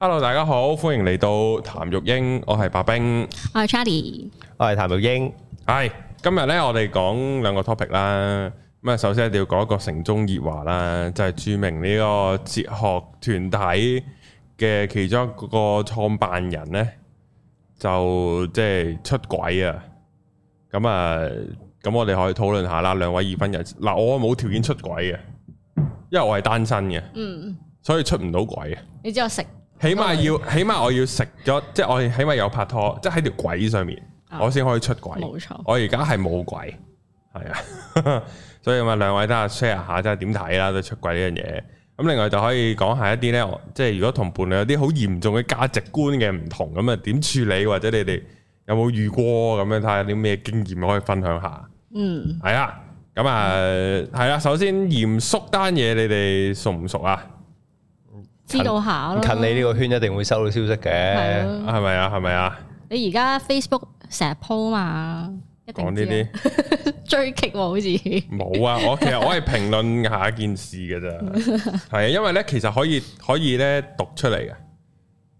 hello，大家好，歡迎嚟到談育鷹，我係白兵，我係 Charlie，我係談育鷹，係今日咧，我哋講兩個 topic 啦，咁啊，首先一定要講一個城中熱話啦，就係、是、著名呢個哲學團體嘅其中一個創辦人咧，就即係、就是、出軌啊，咁啊，咁我哋可以討論下啦，兩位已婚人士，嗱，我冇條件出軌嘅，因為我係單身嘅，嗯，所以出唔到軌啊，你知道我食。起碼要起碼我要食咗，即係我起碼有拍拖，即係喺條軌上面，啊、我先可以出軌。冇錯錯，我而家係冇軌，係啊， 所以咁啊，兩位都 share 下即係點睇啦，都出軌呢樣嘢。咁另外就可以講下一啲咧，即係如果同伴侶有啲好嚴重嘅價值觀嘅唔同，咁啊點處理，或者你哋有冇遇過咁樣？睇下啲咩經驗可以分享下。嗯，係啊，咁啊係啊，首先嚴肅單嘢，你哋熟唔熟啊？知道下近你呢個圈一定會收到消息嘅，係咪啊？係咪啊？你而家 Facebook 成日 po 嘛，一定知。講呢啲追劇喎，好似冇啊！我其實我係評論下一件事㗎咋，係啊，因為咧其實可以可以咧讀出嚟，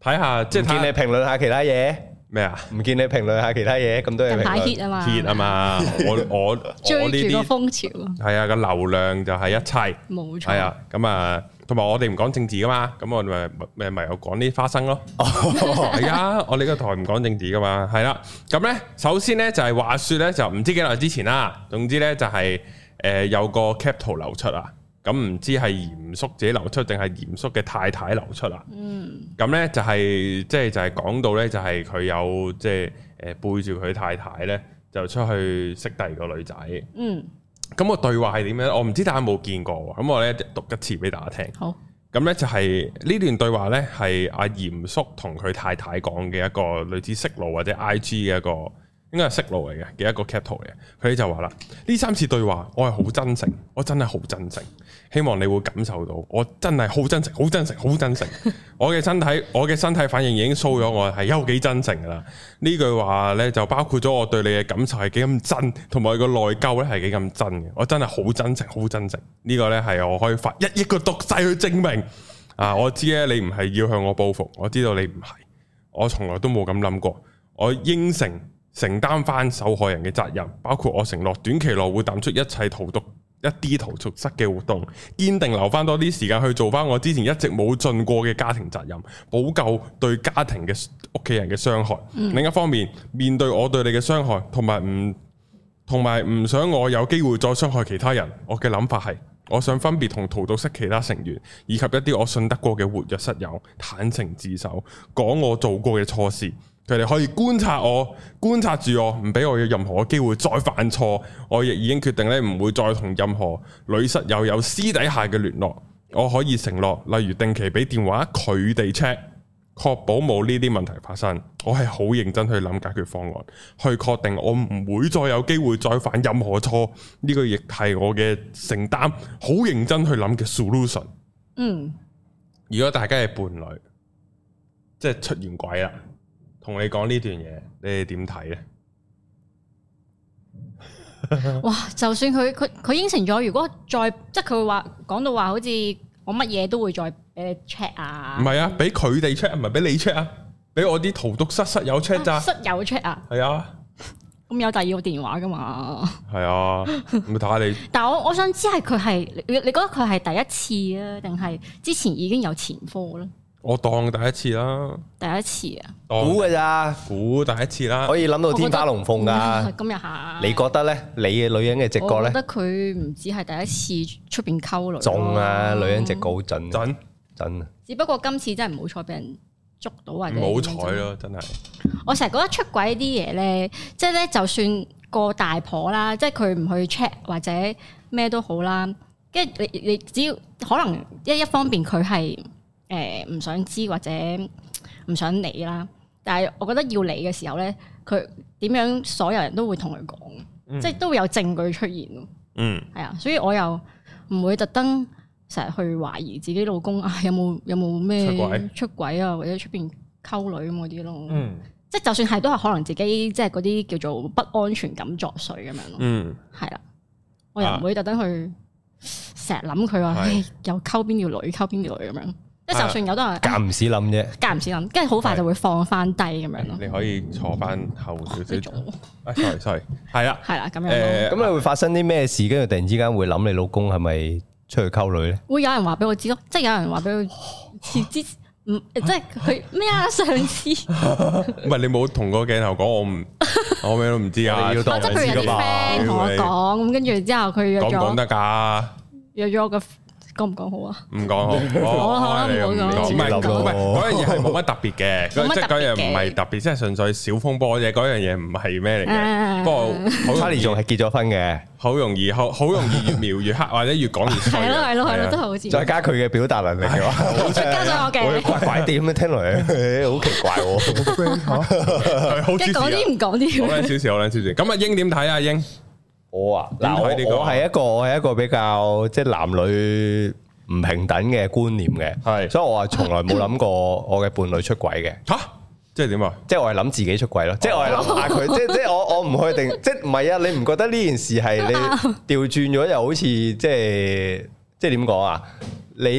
睇下即係見你評論下其他嘢咩啊？唔見你評論下其他嘢咁多人，太 heat 啊嘛 heat 啊嘛！我我追住個風潮，係啊個流量就係一切，冇錯。係啊，咁啊。同埋我哋唔講政治噶嘛，咁我哋咪誒咪又講啲花生咯。而家、 啊、我哋個台唔講政治噶嘛，係啦。咁咧首先咧就係話説咧就唔知幾耐之前啦，總之咧就係誒有個 Cap 圖流出啊。咁唔知係嚴肅者流出定係嚴肅嘅太太流出啊？嗯。咁咧、嗯、就係即係就係、是、講到咧就係佢有即係誒背住佢太太咧就出去識第二個女仔。嗯。咁個對話係點樣？我唔知，大家有冇見過？咁我咧讀一次俾大家聽。好。咁咧就係、是、呢段對話咧，係阿嚴叔同佢太太講嘅一個類似 Signal 或者 IG 嘅一個。應該係 Signal 嚟嘅嘅一個 cap 圖嚟嘅，佢哋就話啦：呢三次對話，我係好真誠，我真係好真誠，希望你會感受到我真係好真誠，好真誠，好真誠。我嘅身體，我嘅身體反應已經 show 咗我係有幾真誠噶啦。呢句話呢，就包括咗我對你嘅感受係幾咁真，同埋個內疚咧係幾咁真嘅。我真係好真誠，好真誠。呢、這個呢，係我可以發一億個毒誓去證明。啊，我知咧你唔係要向我報復，我知道你唔係，我從來都冇咁諗過，我應承。承擔翻受害人嘅責任，包括我承諾短期內會淡出一切荼毒一啲荼毒室嘅活動，堅定留翻多啲時間去做翻我之前一直冇盡過嘅家庭責任，補救對家庭嘅屋企人嘅傷害。嗯、另一方面，面對我對你嘅傷害，同埋唔同埋唔想我有機會再傷害其他人，我嘅諗法係，我想分別同荼毒室其他成員以及一啲我信得過嘅活躍室友坦誠自首，講我做過嘅錯事。佢哋可以觀察我，觀察住我，唔俾我有任何嘅機會再犯錯。我亦已經決定咧，唔會再同任何女室友有私底下嘅聯絡。我可以承諾，例如定期俾電話佢哋 check，確保冇呢啲問題發生。我係好認真去諗解決方案，去確定我唔會再有機會再犯任何錯。呢個亦係我嘅承擔，好認真去諗嘅 solution。嗯，如果大家係伴侶，即係出軌啦。同你講呢段嘢，你哋點睇咧？ 哇！就算佢佢佢應承咗，如果再即係佢話講到話，好似我乜嘢都會再俾 check、呃、啊？唔係啊，俾佢哋 check，唔係俾你 check 啊？俾我啲圖督室室友 check 咋？室友 check 啊？係啊，咁有第二個電話㗎嘛？係 啊，咁睇下你。 但係我我想知係佢係你你覺得佢係第一次啊，定係之前已經有前科咧？我當第一次啦，第一次啊，估噶咋？估第一次啦，可以諗到天花龍鳳噶。今日下，你覺得咧？你嘅女人嘅直覺咧？我覺得佢唔只係第一次出邊溝女，中啊！嗯、女人直覺好準準準。真的只不過今次真係唔好彩俾人捉到或者唔好彩咯，真係。我成日覺得出軌啲嘢咧，即係咧，就算個大婆啦，即係佢唔去 check 或者咩都好啦，跟住你你只要可能一一方面佢係。誒，唔想知或者唔想理啦，但係我覺得要理嘅時候咧，佢點樣所有人都會同佢講，嗯、即係都會有證據出現咯。嗯，係啊，所以我又唔會特登成日去懷疑自己老公啊，有冇有冇咩出軌啊，或者出面溝女咁嗰啲咯。嗯，即係就算係都係可能自己即係嗰啲叫做不安全感作祟咁樣咯。嗯，係啦，我又唔會特登去成日諗佢話，又溝邊條女溝邊條女咁樣。即係就算有多人間唔時諗啫，間唔時諗，跟住好快就會放翻低咁樣咯。你可以坐翻後少少。sorry sorry，係啦係啦咁樣。誒，咁你會發生啲咩事？跟住突然之間會諗你老公係咪出去溝女咧？會有人話俾我知咯，即係有人話俾佢知，唔即係佢咩啊？上次唔係你冇同個鏡頭講我唔，我咩都唔知啊。我覺得佢人哋 friend 同我講，咁跟住之後佢約咗講講得㗎？約咗個。講唔講好啊？唔講好，唔好講，唔係唔係，嗰樣嘢係冇乜特別嘅，即係嗰樣唔係特別，即係純粹小風波啫。嗰樣嘢唔係咩嚟嘅。不過好快啲仲係結咗婚嘅，好容易好好容易越描越黑，或者越講越衰。係咯係咯係咯，都係好似。再加佢嘅表達能力嘅話，再加上我嘅怪怪地咁樣聽落嚟，誒，好奇怪。好少少，好少少，好少少。咁，啊英點睇啊英？我啊，嗱，佢哋講係一個我係一個比較即係男女唔平等嘅觀念嘅，係，所以我話從來冇諗過我嘅伴侶出軌嘅。吓，即係點啊？即係我係諗自己出軌咯，即係我係諗下佢，即係即係我我唔去定，即係唔係啊？你唔覺得呢件事係你調轉咗，又好似即係即係點講啊？你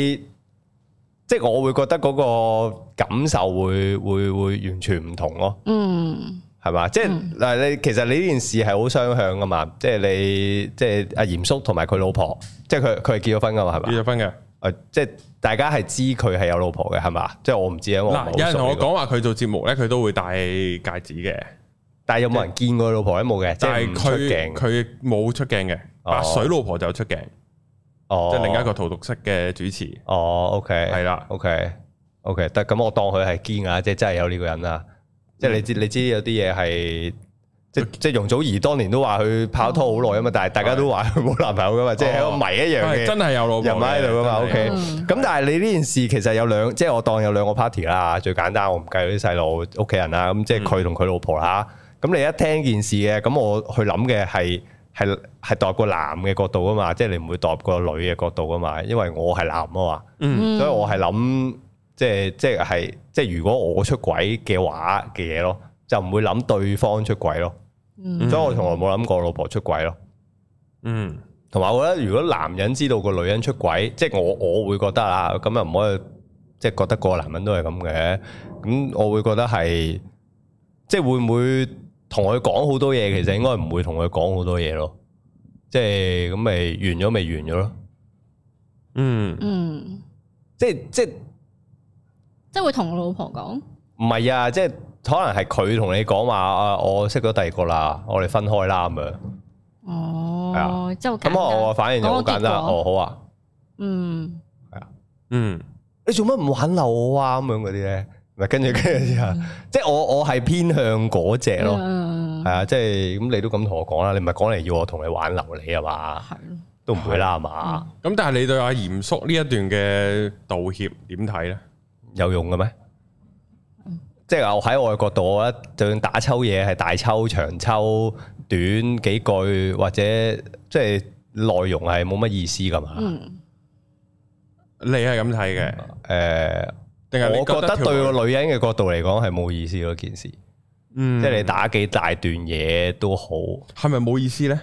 即係我會覺得嗰個感受會會會完全唔同咯。嗯。係、嗯、嘛？即係嗱，你其實你呢件事係好相向噶嘛？即係你，即係阿嚴叔同埋佢老婆，即係佢佢係結咗婚噶嘛？係嘛？結咗婚嘅，誒，即係大家係知佢係有老婆嘅，係嘛？即係我唔知因為我啊。我有人同我講話佢做節目咧，佢都會戴戒指嘅，但係有冇人見過佢老婆有冇嘅？但係佢佢冇出鏡嘅，白水老婆就有出鏡，哦、即係另一個桃紅式嘅主持。哦，OK，係啦，OK，OK，得咁我當佢係堅啊，即係真係有呢個人啦。即係你知，你知有啲嘢係，即係即係容祖兒當年都話佢拍拖好耐啊嘛，嗯、但係大家都話佢冇男朋友噶嘛，嗯、即係個迷一樣嘅、哦，真係有老婆，有喺度噶嘛。OK，咁、嗯、但係你呢件事其實有兩，即係我當有兩個 party 啦，最簡單我唔計啲細路屋企人啦，咁即係佢同佢老婆啦。咁、嗯、你一聽件事嘅，咁我去諗嘅係係係從個男嘅角度啊嘛，即、就、係、是、你唔會從個女嘅角度啊嘛，因為我係男啊嘛，所以我係諗。即係即係係即係，如果我出軌嘅話嘅嘢咯，就唔會諗對方出軌咯。所以我從來冇諗過老婆出軌咯。嗯，同埋我覺得如果男人知道個女人出軌，即係我我會覺得啊，咁又唔可以，即係覺得個男人都係咁嘅。咁我會覺得係，即係會唔會同佢講好多嘢？其實應該唔會同佢講好多嘢咯。即係咁咪完咗咪完咗咯。嗯嗯，即係即係。都會同我老婆講，唔係啊，即係可能係佢同你講話啊，我識咗第二個啦，我哋分開啦咁樣。哦，係啊，即係咁我反應就好簡單哦，好啊，嗯，係啊，嗯，你做乜唔挽留我啊？咁樣嗰啲咧，咪跟住跟住之後，即係我我係偏向嗰隻咯，係啊，即係咁你都咁同我講啦，你唔係講嚟要我同你挽留你啊嘛，係，都唔會啦，係嘛，咁但係你對阿嚴叔呢一段嘅道歉點睇咧？有用嘅咩？即係我喺我嘅角度，我一就算打抽嘢，係大抽、長抽、短幾句，或者即係內容係冇乜意思噶嘛？嗯、你係咁睇嘅？誒、嗯，定係我覺得對個女人嘅角度嚟講係冇意思嗰件事。嗯、即係你打幾大段嘢都好，係咪冇意思咧？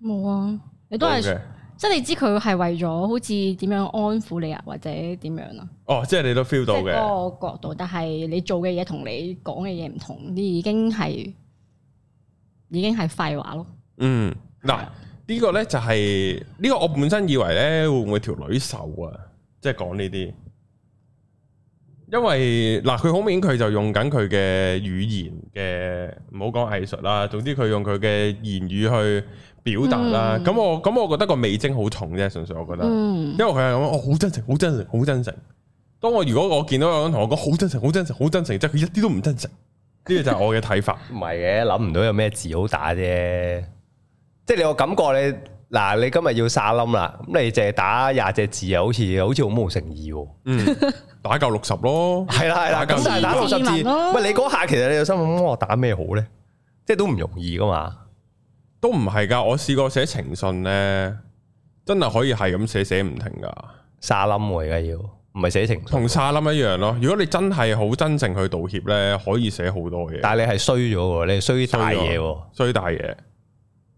冇啊，你都係。Okay. 即係你知佢係為咗好似點樣安撫你啊，或者點樣咯、啊？哦，即係你都 feel 到嘅嗰個角度，但係你做嘅嘢同你講嘅嘢唔同，你已經係已經係廢話咯。嗯，嗱，呢、這個咧就係、是、呢、這個我本身以為咧會唔會條女受啊？即係講呢啲，因為嗱，佢好明顯佢就用緊佢嘅語言嘅，唔好講藝術啦，總之佢用佢嘅言語去。表達啦，咁我咁我覺得個味精好重啫，純粹我覺得，因為佢係咁，我、哦、好真誠，好真誠，好真誠。當我如果我見到有人同我講好真誠，好真誠，好真誠，即係佢一啲都唔真誠，呢個就係我嘅睇法。唔係嘅，諗唔到有咩字好打啫，即係你個感覺你嗱，你今日要耍冧啦，咁你淨係打廿隻字啊，好似好似好冇誠意。嗯，打夠六十咯，係啦係啦，咁就係打六十字。喂，你嗰下其實你個心諗、嗯，我打咩好咧？即係都唔容易噶嘛。都唔係噶，我試過寫情信咧，真係可以係咁寫寫唔停噶。沙冧我而家要，唔係寫情信，同沙冧一樣咯。如果你真係好真誠去道歉咧，可以寫好多嘢。但係你係衰咗嘅，你衰大嘢喎，衰大嘢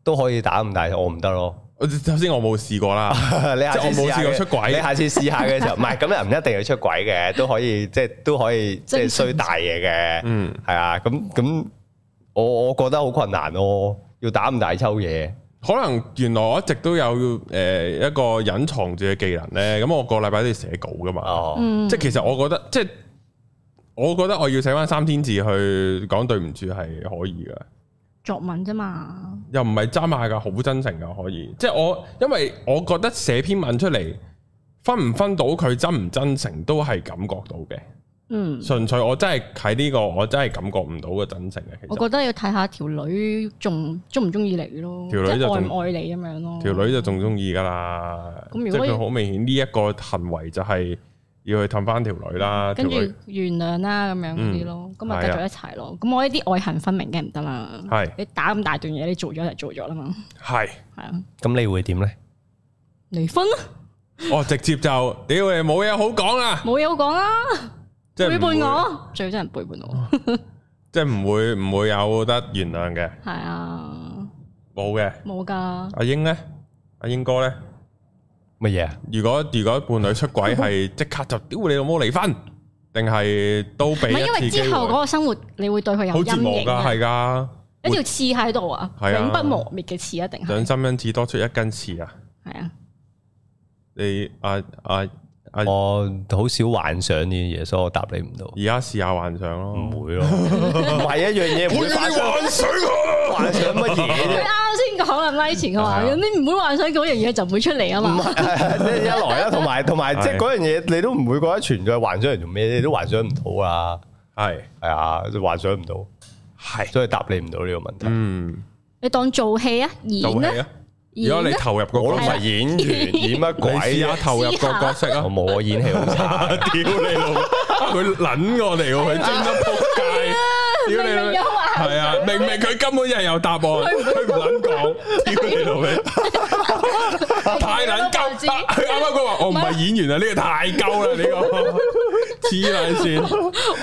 都可以打咁大，我唔得咯。首先我冇試過啦，你下我冇試過出軌，你下次試下嘅時候，唔係咁又唔一定要出軌嘅，都可以即係都可以即係衰大嘢嘅，嗯，係啊，咁咁我我覺得好困難咯。要打唔大抽嘢。可能原來我一直都有誒、呃、一個隱藏住嘅技能呢。咁我個禮拜都要寫稿噶嘛，哦嗯、即係其實我覺得，即係我覺得我要寫翻三千字去講對唔住係可以嘅。作文啫嘛，又唔係揸下嘅，好真誠嘅可以。即係我因為我覺得寫篇文出嚟，分唔分到佢真唔真誠都係感覺到嘅。嗯，純粹我真係喺呢個，我真係感覺唔到個真誠啊。我覺得要睇下條女仲中唔中意你咯，即係愛唔愛你咁樣咯。條女就仲中意噶啦，咁如果佢好明顯呢一個行為就係要去氹翻條女啦。跟住原諒啦，咁樣嗰啲咯，咁咪繼續一齊咯。咁我呢啲愛恨分明嘅，唔得啦，係你打咁大段嘢，你做咗就做咗啦嘛。係係啊，咁你會點咧？離婚，我直接就屌你，冇嘢好講啊，冇嘢好講啊。即係背叛我，最憎人背叛我。即唔會唔會有得原諒嘅。係啊，冇嘅，冇噶。阿鷹咧，阿鷹哥咧，乜嘢？如果如果伴侶出軌，係即刻就屌你老母離婚，定係都俾？唔係，因為之後嗰個生活，你會對佢有好陰影。係噶，一條刺喺度啊，永不磨滅嘅刺一定係。兩針刺多出一根刺啊！係啊，你阿阿。我好少幻想呢啲嘢，所以我答你唔到。而家試下幻想咯，唔會咯，唔係一樣嘢，唔會，水會幻想啊！啊幻想乜嘢？你啱啱先講啊，拉前嘅話，你唔會幻想嗰樣嘢就唔會出嚟啊嘛。唔係，即係一來啦，同埋同埋即係嗰樣嘢，你都唔會覺得存在，幻想嚟做咩？你都幻想唔到啊，係係啊，幻想唔到，係所以答你唔到呢個問題。嗯，你當做戲啊，演做戲啊。如果你投入個角色，唔係演員演乜鬼啊？鬼投入個角色啊， 我冇啊，演戲好差，屌 你老！佢捻我哋，佢專登扑街，屌你老！係啊，明明佢根本一係有答案，佢唔肯講，丟佢地老味，太撚鳩。佢啱啱佢話我唔係演員啊，呢個太鳩啦，呢個黐撚線，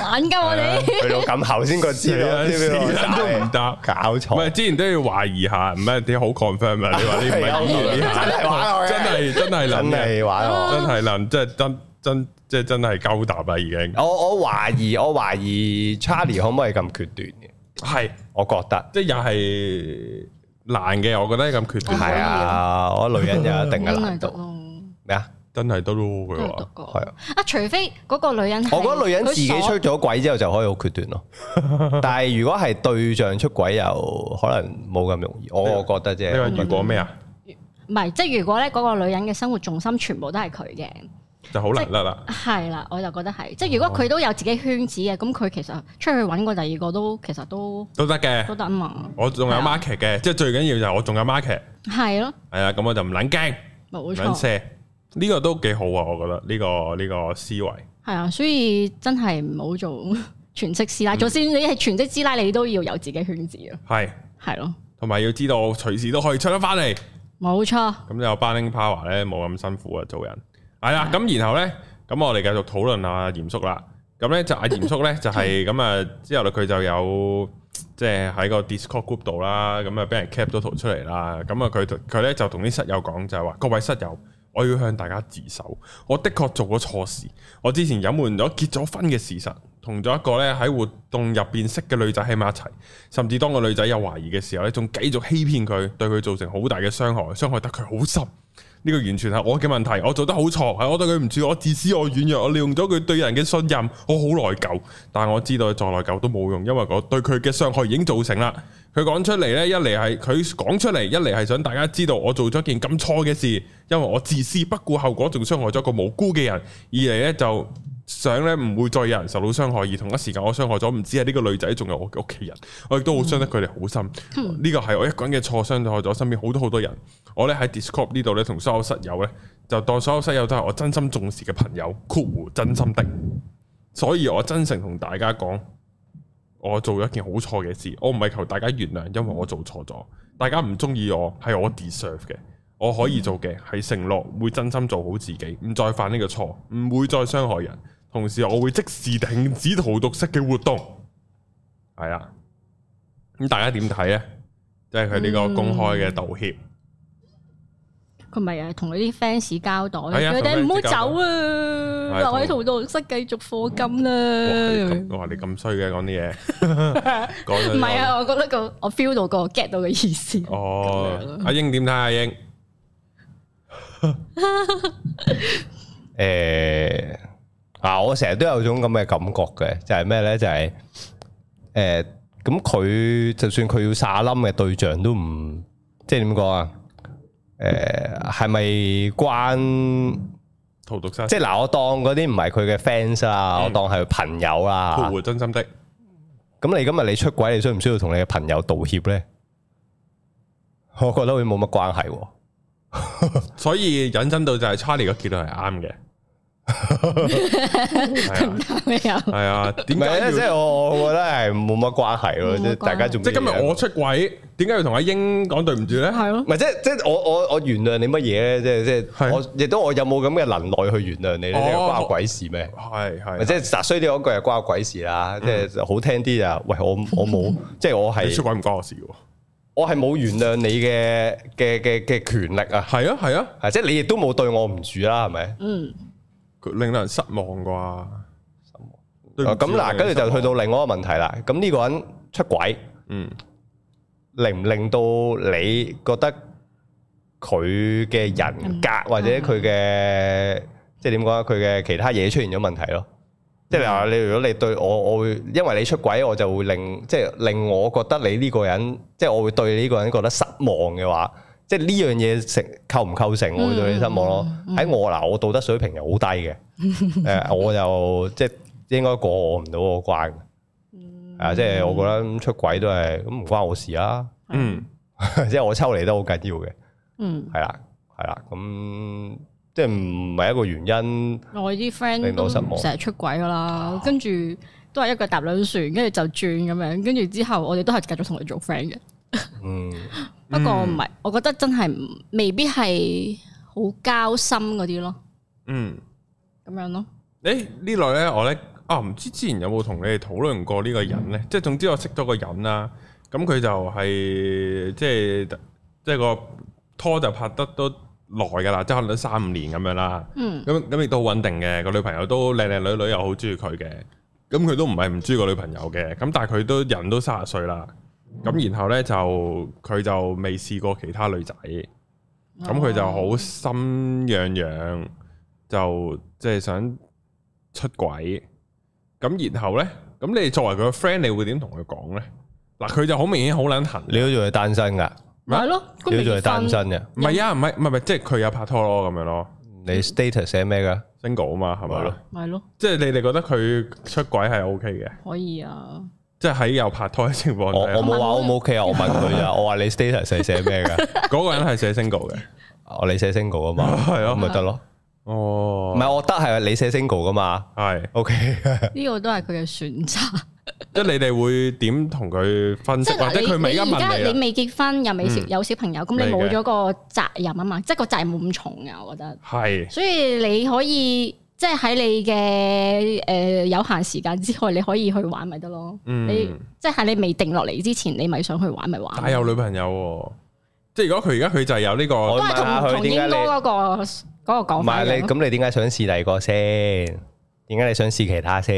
玩鳩我哋。係咯，咁後先佢知咯，都唔答，搞錯。唔係之前都要懷疑下，唔係啲好 confirm。你話你唔係演員呢下，真係真係撚，真係玩我，真係撚，即係真真即係真係鳩答啦，已經。我我懷疑，我懷疑 Charlie 可唔可以咁決斷係是，我覺得即係又係難嘅。我覺得咁決斷係啊，嗯、我女人就一定係難咩啊？真係都咯，佢話係啊啊，除非嗰個女人，我覺得女人自己出咗軌之後就可以好決斷咯。所但係如果係對象出軌，又可能冇咁容易。我 我覺得啫，呢個係講咩啊？唔係，即係如果咧，嗰個女人嘅生活重心全部都係佢嘅。就好難啦，係啦，我就覺得係，即係如果佢都有自己圈子嘅，咁佢其實出去揾個第二個都其實都都得嘅，都得啊嘛，我仲有 market 嘅，即係最緊要就我仲有 market，係咯，係啊，咁我就唔捻驚，唔捻 set，呢個都幾好啊，我覺得呢個呢個思維係啊，所以真係唔好做全職師奶，就算你係全職師奶，你都要有自己圈子啊，係係咯，同埋要知道隨時都可以出得翻嚟，冇錯，咁有 burning power 咧，冇咁辛苦啊，做人。係啦，咁然後呢，咁我哋繼續討論阿嚴叔啦。咁呢，就阿嚴叔呢，就係咁啊，之後咧，佢就有即係喺個 Discord group 度啦，咁啊俾人 cap 咗圖出嚟啦。咁啊佢佢咧就同啲室友講，就係話，各位室友，我要向大家自首，我的確做咗錯事。我之前隱瞞咗結咗婚嘅事實，同咗一個呢喺活動入邊識嘅女仔喺埋一齊，甚至當個女仔有懷疑嘅時候呢，仲繼續欺騙佢，對佢造成好大嘅傷害，傷害得佢好深。呢個完全係我嘅問題，我做得好錯，係我對佢唔住，我自私，我軟弱，我利用咗佢對人嘅信任，我好內疚。但係我知道再內疚都冇用，因為我對佢嘅傷害已經造成啦。佢講出嚟呢，一嚟係佢講出嚟，一嚟係想大家知道我做咗件咁錯嘅事，因為我自私，不顧後果，仲傷害咗個無辜嘅人。二嚟呢，就。想咧，唔會再有人受到傷害，而同一時間我傷害咗唔止係呢個女仔，仲有我嘅屋企人，我亦都好傷得佢哋好深。呢個係我一個人嘅錯，傷害咗身邊好多好多人。我咧喺 Discord 呢度咧，同所有室友咧，就當所有室友都係我真心重視嘅朋友，括弧真心的。所以，我真誠同大家講，我做咗一件好錯嘅事，我唔係求大家原諒，因為我做錯咗，大家唔中意我係我 deserve 嘅，我可以做嘅係承諾會真心做好自己，唔再犯呢個錯，唔會再傷害人。同時我會即時停止荼毒室嘅活動，係啊，咁大家點睇咧？即係佢呢個公開嘅道歉，佢咪啊同佢啲 fans 交代，佢哋唔好走啊，留喺荼毒室繼續課金啦。哇，你咁衰嘅講啲嘢。唔係啊，我覺得個我 feel 到個 get 到嘅意思。哦，阿英點睇啊？阿英，誒。啊！我成日都有種咁嘅感覺嘅，就係咩咧？就係、是、誒，咁、呃、佢就算佢要耍冧嘅對象都唔，即係點講啊？誒、呃，係咪關即係嗱，我當嗰啲唔係佢嘅 fans 啊，我當係朋友啊，會、嗯、真心的？咁你今日你出軌，你需唔需要同你嘅朋友道歉咧？我覺得會冇乜關係、啊， 所以引申到就係 Charlie 嘅結論係啱嘅。係啊，係啊，點解咧？即係我，我覺得係冇乜關係咯。即係大家仲即係今日我出軌，點解要同阿英講對唔住咧？係咯，唔係即係即係我我我原諒你乜嘢咧？即係即係我亦都我有冇咁嘅能耐去原諒你咧？關我鬼事咩？係，係，或者雜碎啲嗰句係關我鬼事啦。即係好聽啲啊！喂，我我冇，即係我係出軌唔關我事嘅，我係冇原諒你嘅嘅嘅嘅權力啊。係啊係啊，即係你亦都冇對我唔住啦，係咪？嗯。佢令到人失望啩，失望，咁嗱，跟住就去到另外一個問題啦。咁呢個人出軌，嗯，令唔令到你覺得佢嘅人格或者佢嘅即係點講啊？佢嘅其他嘢出現咗問題咯。即係話，你如果你對我，我會因為你出軌，我就會令即係令我覺得你呢個人，即係我會對你呢個人覺得失望嘅話。即係呢樣嘢成構唔構成，我會對你失望咯。喺、嗯嗯、我嗱，我道德水平又好低嘅，誒， 我又即係應該過我唔到嗰個關啊，嗯、即係我覺得出軌都係咁唔關我事啊，的嗯， 即係我抽離都好緊要嘅，嗯，係啦，係啦，咁即係唔係一個原因？我啲 friend 都失望。成日出軌噶啦，跟住都係一個搭兩船，跟住就轉咁樣，跟住之後我哋都係繼續同佢做 friend 嘅。嗯， 不過唔係，嗯、我覺得真係未必係好交心嗰啲咯。嗯，咁樣咯。誒、欸，呢耐咧，我咧啊，哦、唔知之前有冇同你哋討論過呢個人咧？即係、嗯、總之我識咗個人啦，咁佢就係即係即係個拖就拍得都耐噶啦，即係可能三五年咁樣啦。嗯，咁咁亦都好穩定嘅，女女女女不不個女朋友都靚靚女女，又好中意佢嘅。咁佢都唔係唔中意個女朋友嘅，咁但係佢都人都三十歲啦。咁、嗯、然後咧就佢就未試過其他女仔，咁佢、啊、就好心癢癢，就即係想出軌。咁然後咧，咁你作為佢個 friend，你會點同佢講咧？嗱，佢就好明顯好撚痕，你都仲係單身噶，咪係麼咯，你仲係單身嘅，唔係呀，唔係唔係唔係，即係佢有拍拖咯咁樣咯。嗯、你 status 寫咩噶？single 啊嘛，係咪咯？係咯，即係你哋覺得佢出軌係 OK 嘅？咯咯可以啊。即係喺有拍拖嘅情況，我我冇話 O 唔 O K 啊！我問佢啊，我話你 status 寫寫咩嘅？嗰個人係寫 single 嘅，我你寫 single 啊嘛，係啊，咪得咯，哦，唔係我覺得係你寫 single 噶嘛，係 O K，呢個都係佢嘅選擇，即係你哋會點同佢分析？或者佢未而家你未結婚又未有小朋友，咁你冇咗個責任啊嘛，即係個責任冇咁重啊，我覺得係，所以你可以。即係喺你嘅誒、呃、有限時間之外，你可以去玩咪得咯。嗯、你即係你未定落嚟之前，你咪想去玩咪玩。但有女朋友、哦，即係如果佢而家佢就係有呢、這個，我都係同跟同鷹哥嗰、那個嗰你個講法。唔係你咁，你點解想試第二個先？點解你想試其他先？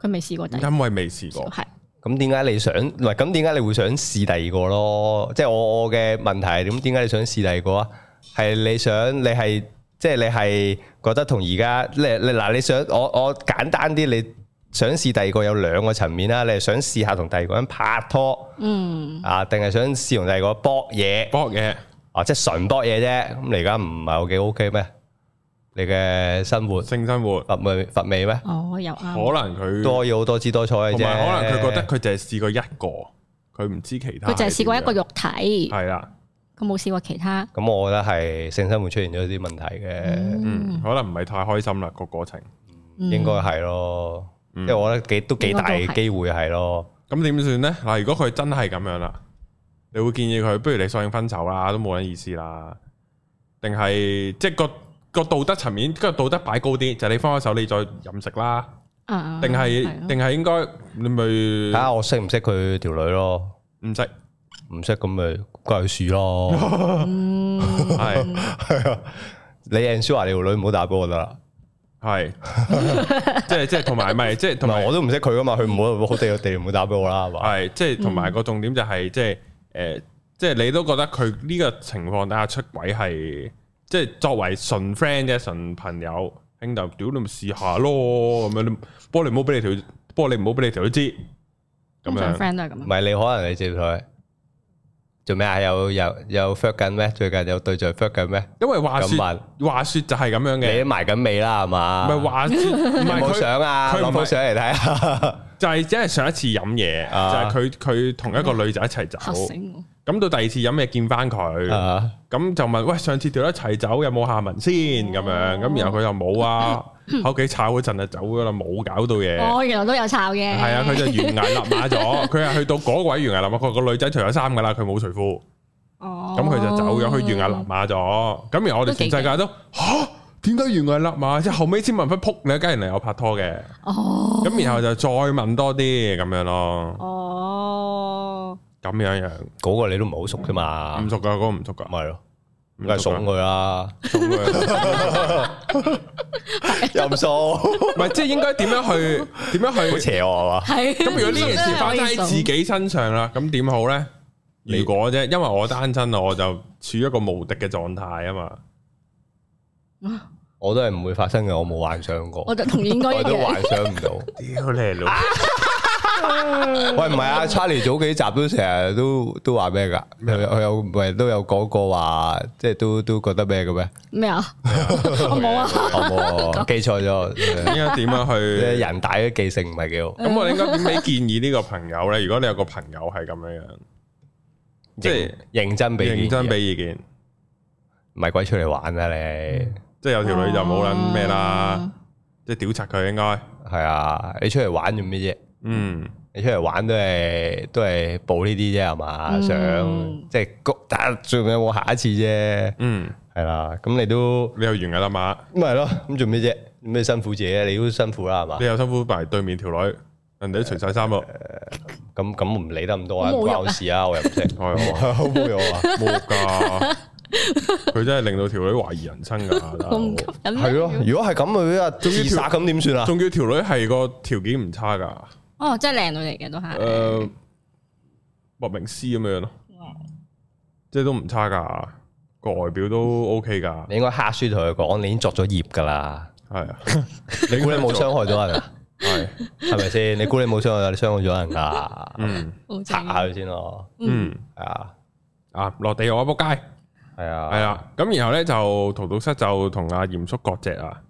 佢未試過第二個，因是為未試過。係咁點解你想？唔咁點解你會想試第二個咯？即、就、係、是、我我嘅問題，咁點解你想試第二個啊？係你想你係？即係你係覺得同而家咧，你嗱你，你想我我簡單啲，你想試第二個有兩個層面啦。你係想試下同第二個人拍拖，嗯，啊，定係想試同第二個搏嘢？搏嘢，啊，即係純搏嘢啫。咁你而家唔係好幾 OK 咩？你嘅生活，性生活乏味乏味咩？哦，有可能佢多好多姿多彩嘅啫。同埋可能佢覺得佢就係試過一個，佢唔知其他。佢就係試過一個肉體，係啦。我冇試過其他，咁我覺得係性生活出現咗啲問題嘅，嗯，可能唔係太開心啦個過程，應該係咯，因為我覺得幾都幾大嘅機會係咯，咁點算咧？嗱，如果佢真係咁樣啦，你會建議佢，不如你索性分手啦，都冇乜意思啦，定係即係個個道德層面，跟住道德擺高啲，就你放開手，你再飲食啦，啊，定係定係應該你咪睇下我識唔識佢條女咯，唔識。唔識咁咪怪佢試咯，係係啊！ 嗯、 你阿叔話你條女唔 好打波得啦，係即係即係同埋唔係即係同埋我都唔識佢噶嘛，佢唔好好地個地唔好打波我啦係即係同埋個重點就係即係誒，即、就、係、是呃就是、你都覺得佢呢個情況底下出軌係即係作為純 friend 嘅純朋友,朋友兄弟屌你咪試下咯咁樣，波 你唔好俾你條波你唔好俾你條都知咁樣 friend 都係咁啊？唔係你可能你接佢。做咩啊？有有有 fell 緊咩？最近有對象 fell 緊咩？因為話說，話說就係咁樣嘅，你埋緊尾啦，係嘛？唔係話唔係佢冇相啊，攞個相嚟睇啊！就係即係上一次飲嘢，就係佢佢同一個女仔一齊走，咁到第二次飲嘢見翻佢，咁就問喂，上次條一齊走有冇下文先咁樣，咁然後佢又冇啊。喺屋企炒嗰陣就走咗啦，冇搞到嘢。我、哦、原來都有炒嘅。係啊，佢就懸崖勒馬咗。佢係 去到嗰位懸崖勒馬，佢個女仔除咗衫噶啦，佢冇除褲。哦。咁佢就走咗去懸崖勒馬咗。咁、哦、然後我哋全世界都吓，點解懸崖勒馬？即係後尾先問翻，撲你一家人嚟我拍拖嘅。哦。咁然後就再問多啲咁樣咯。哦。咁樣樣，嗰個你都唔好熟噶嘛？唔熟噶，嗰、嗰個唔熟噶。係咯。梗係慫佢啦，慫佢，又唔慫，唔係，即係應該點樣去點樣去邪我係嘛？咁如果呢件事發生喺自己身上啦，咁點、 嗯、好咧？如果啫，因為我單身啊，我就處於一個無敵嘅狀態啊嘛， 我都係唔會發生嘅，我冇幻想過，我都 幻想唔到，屌 你老。 喂，唔係啊 Charlie 早幾集都成日都都話咩噶？我麼有喂都有講過話，即係都都覺得咩嘅咩？咩啊？冇啊？冇啊？記錯咗？點解點解去人大嘅記性唔係幾好？咁、嗯、我點解點俾建議呢個朋友咧？如果你有個朋友係咁樣樣， 即係認真俾認真俾意見，唔係鬼出嚟玩啊你！嗯、即係有條女就冇撚咩啦，即係屌柒佢應該係 啊？你出嚟玩做咩啫？嗯，你出嚟玩都係都係補呢啲啫係嘛，想即係，但係最有冇下一次啫。嗯，係啦，咁你都你又完噶啦嘛，咁係咯，咁做咩啫？咩辛苦啫，你都辛苦啦係嘛，你又辛苦埋對面條女，人哋都除晒衫喎。咁咁唔理得咁多啊，唔關我事啊，我又唔識係啊，冇有啊，冇噶，佢真係令到條女懷疑人生噶。我唔係咯，如果係咁佢啊自殺咁點算啊？仲叫條女係個條件唔差噶。哦，真係靚女嚟嘅都係，誒，白明斯咁樣咯，即係都唔差噶，個外表都 OK 噶，你應該黑書同佢講，你已經作咗孽噶啦，係，你估你冇傷害到人啊？係，係咪先？你估你冇傷害，你傷害咗人噶？嗯，查下佢先咯，嗯，係啊，啊，落地我仆街，係啊，係啦，咁然後咧就陶陶室就同阿嚴叔割蓆啊。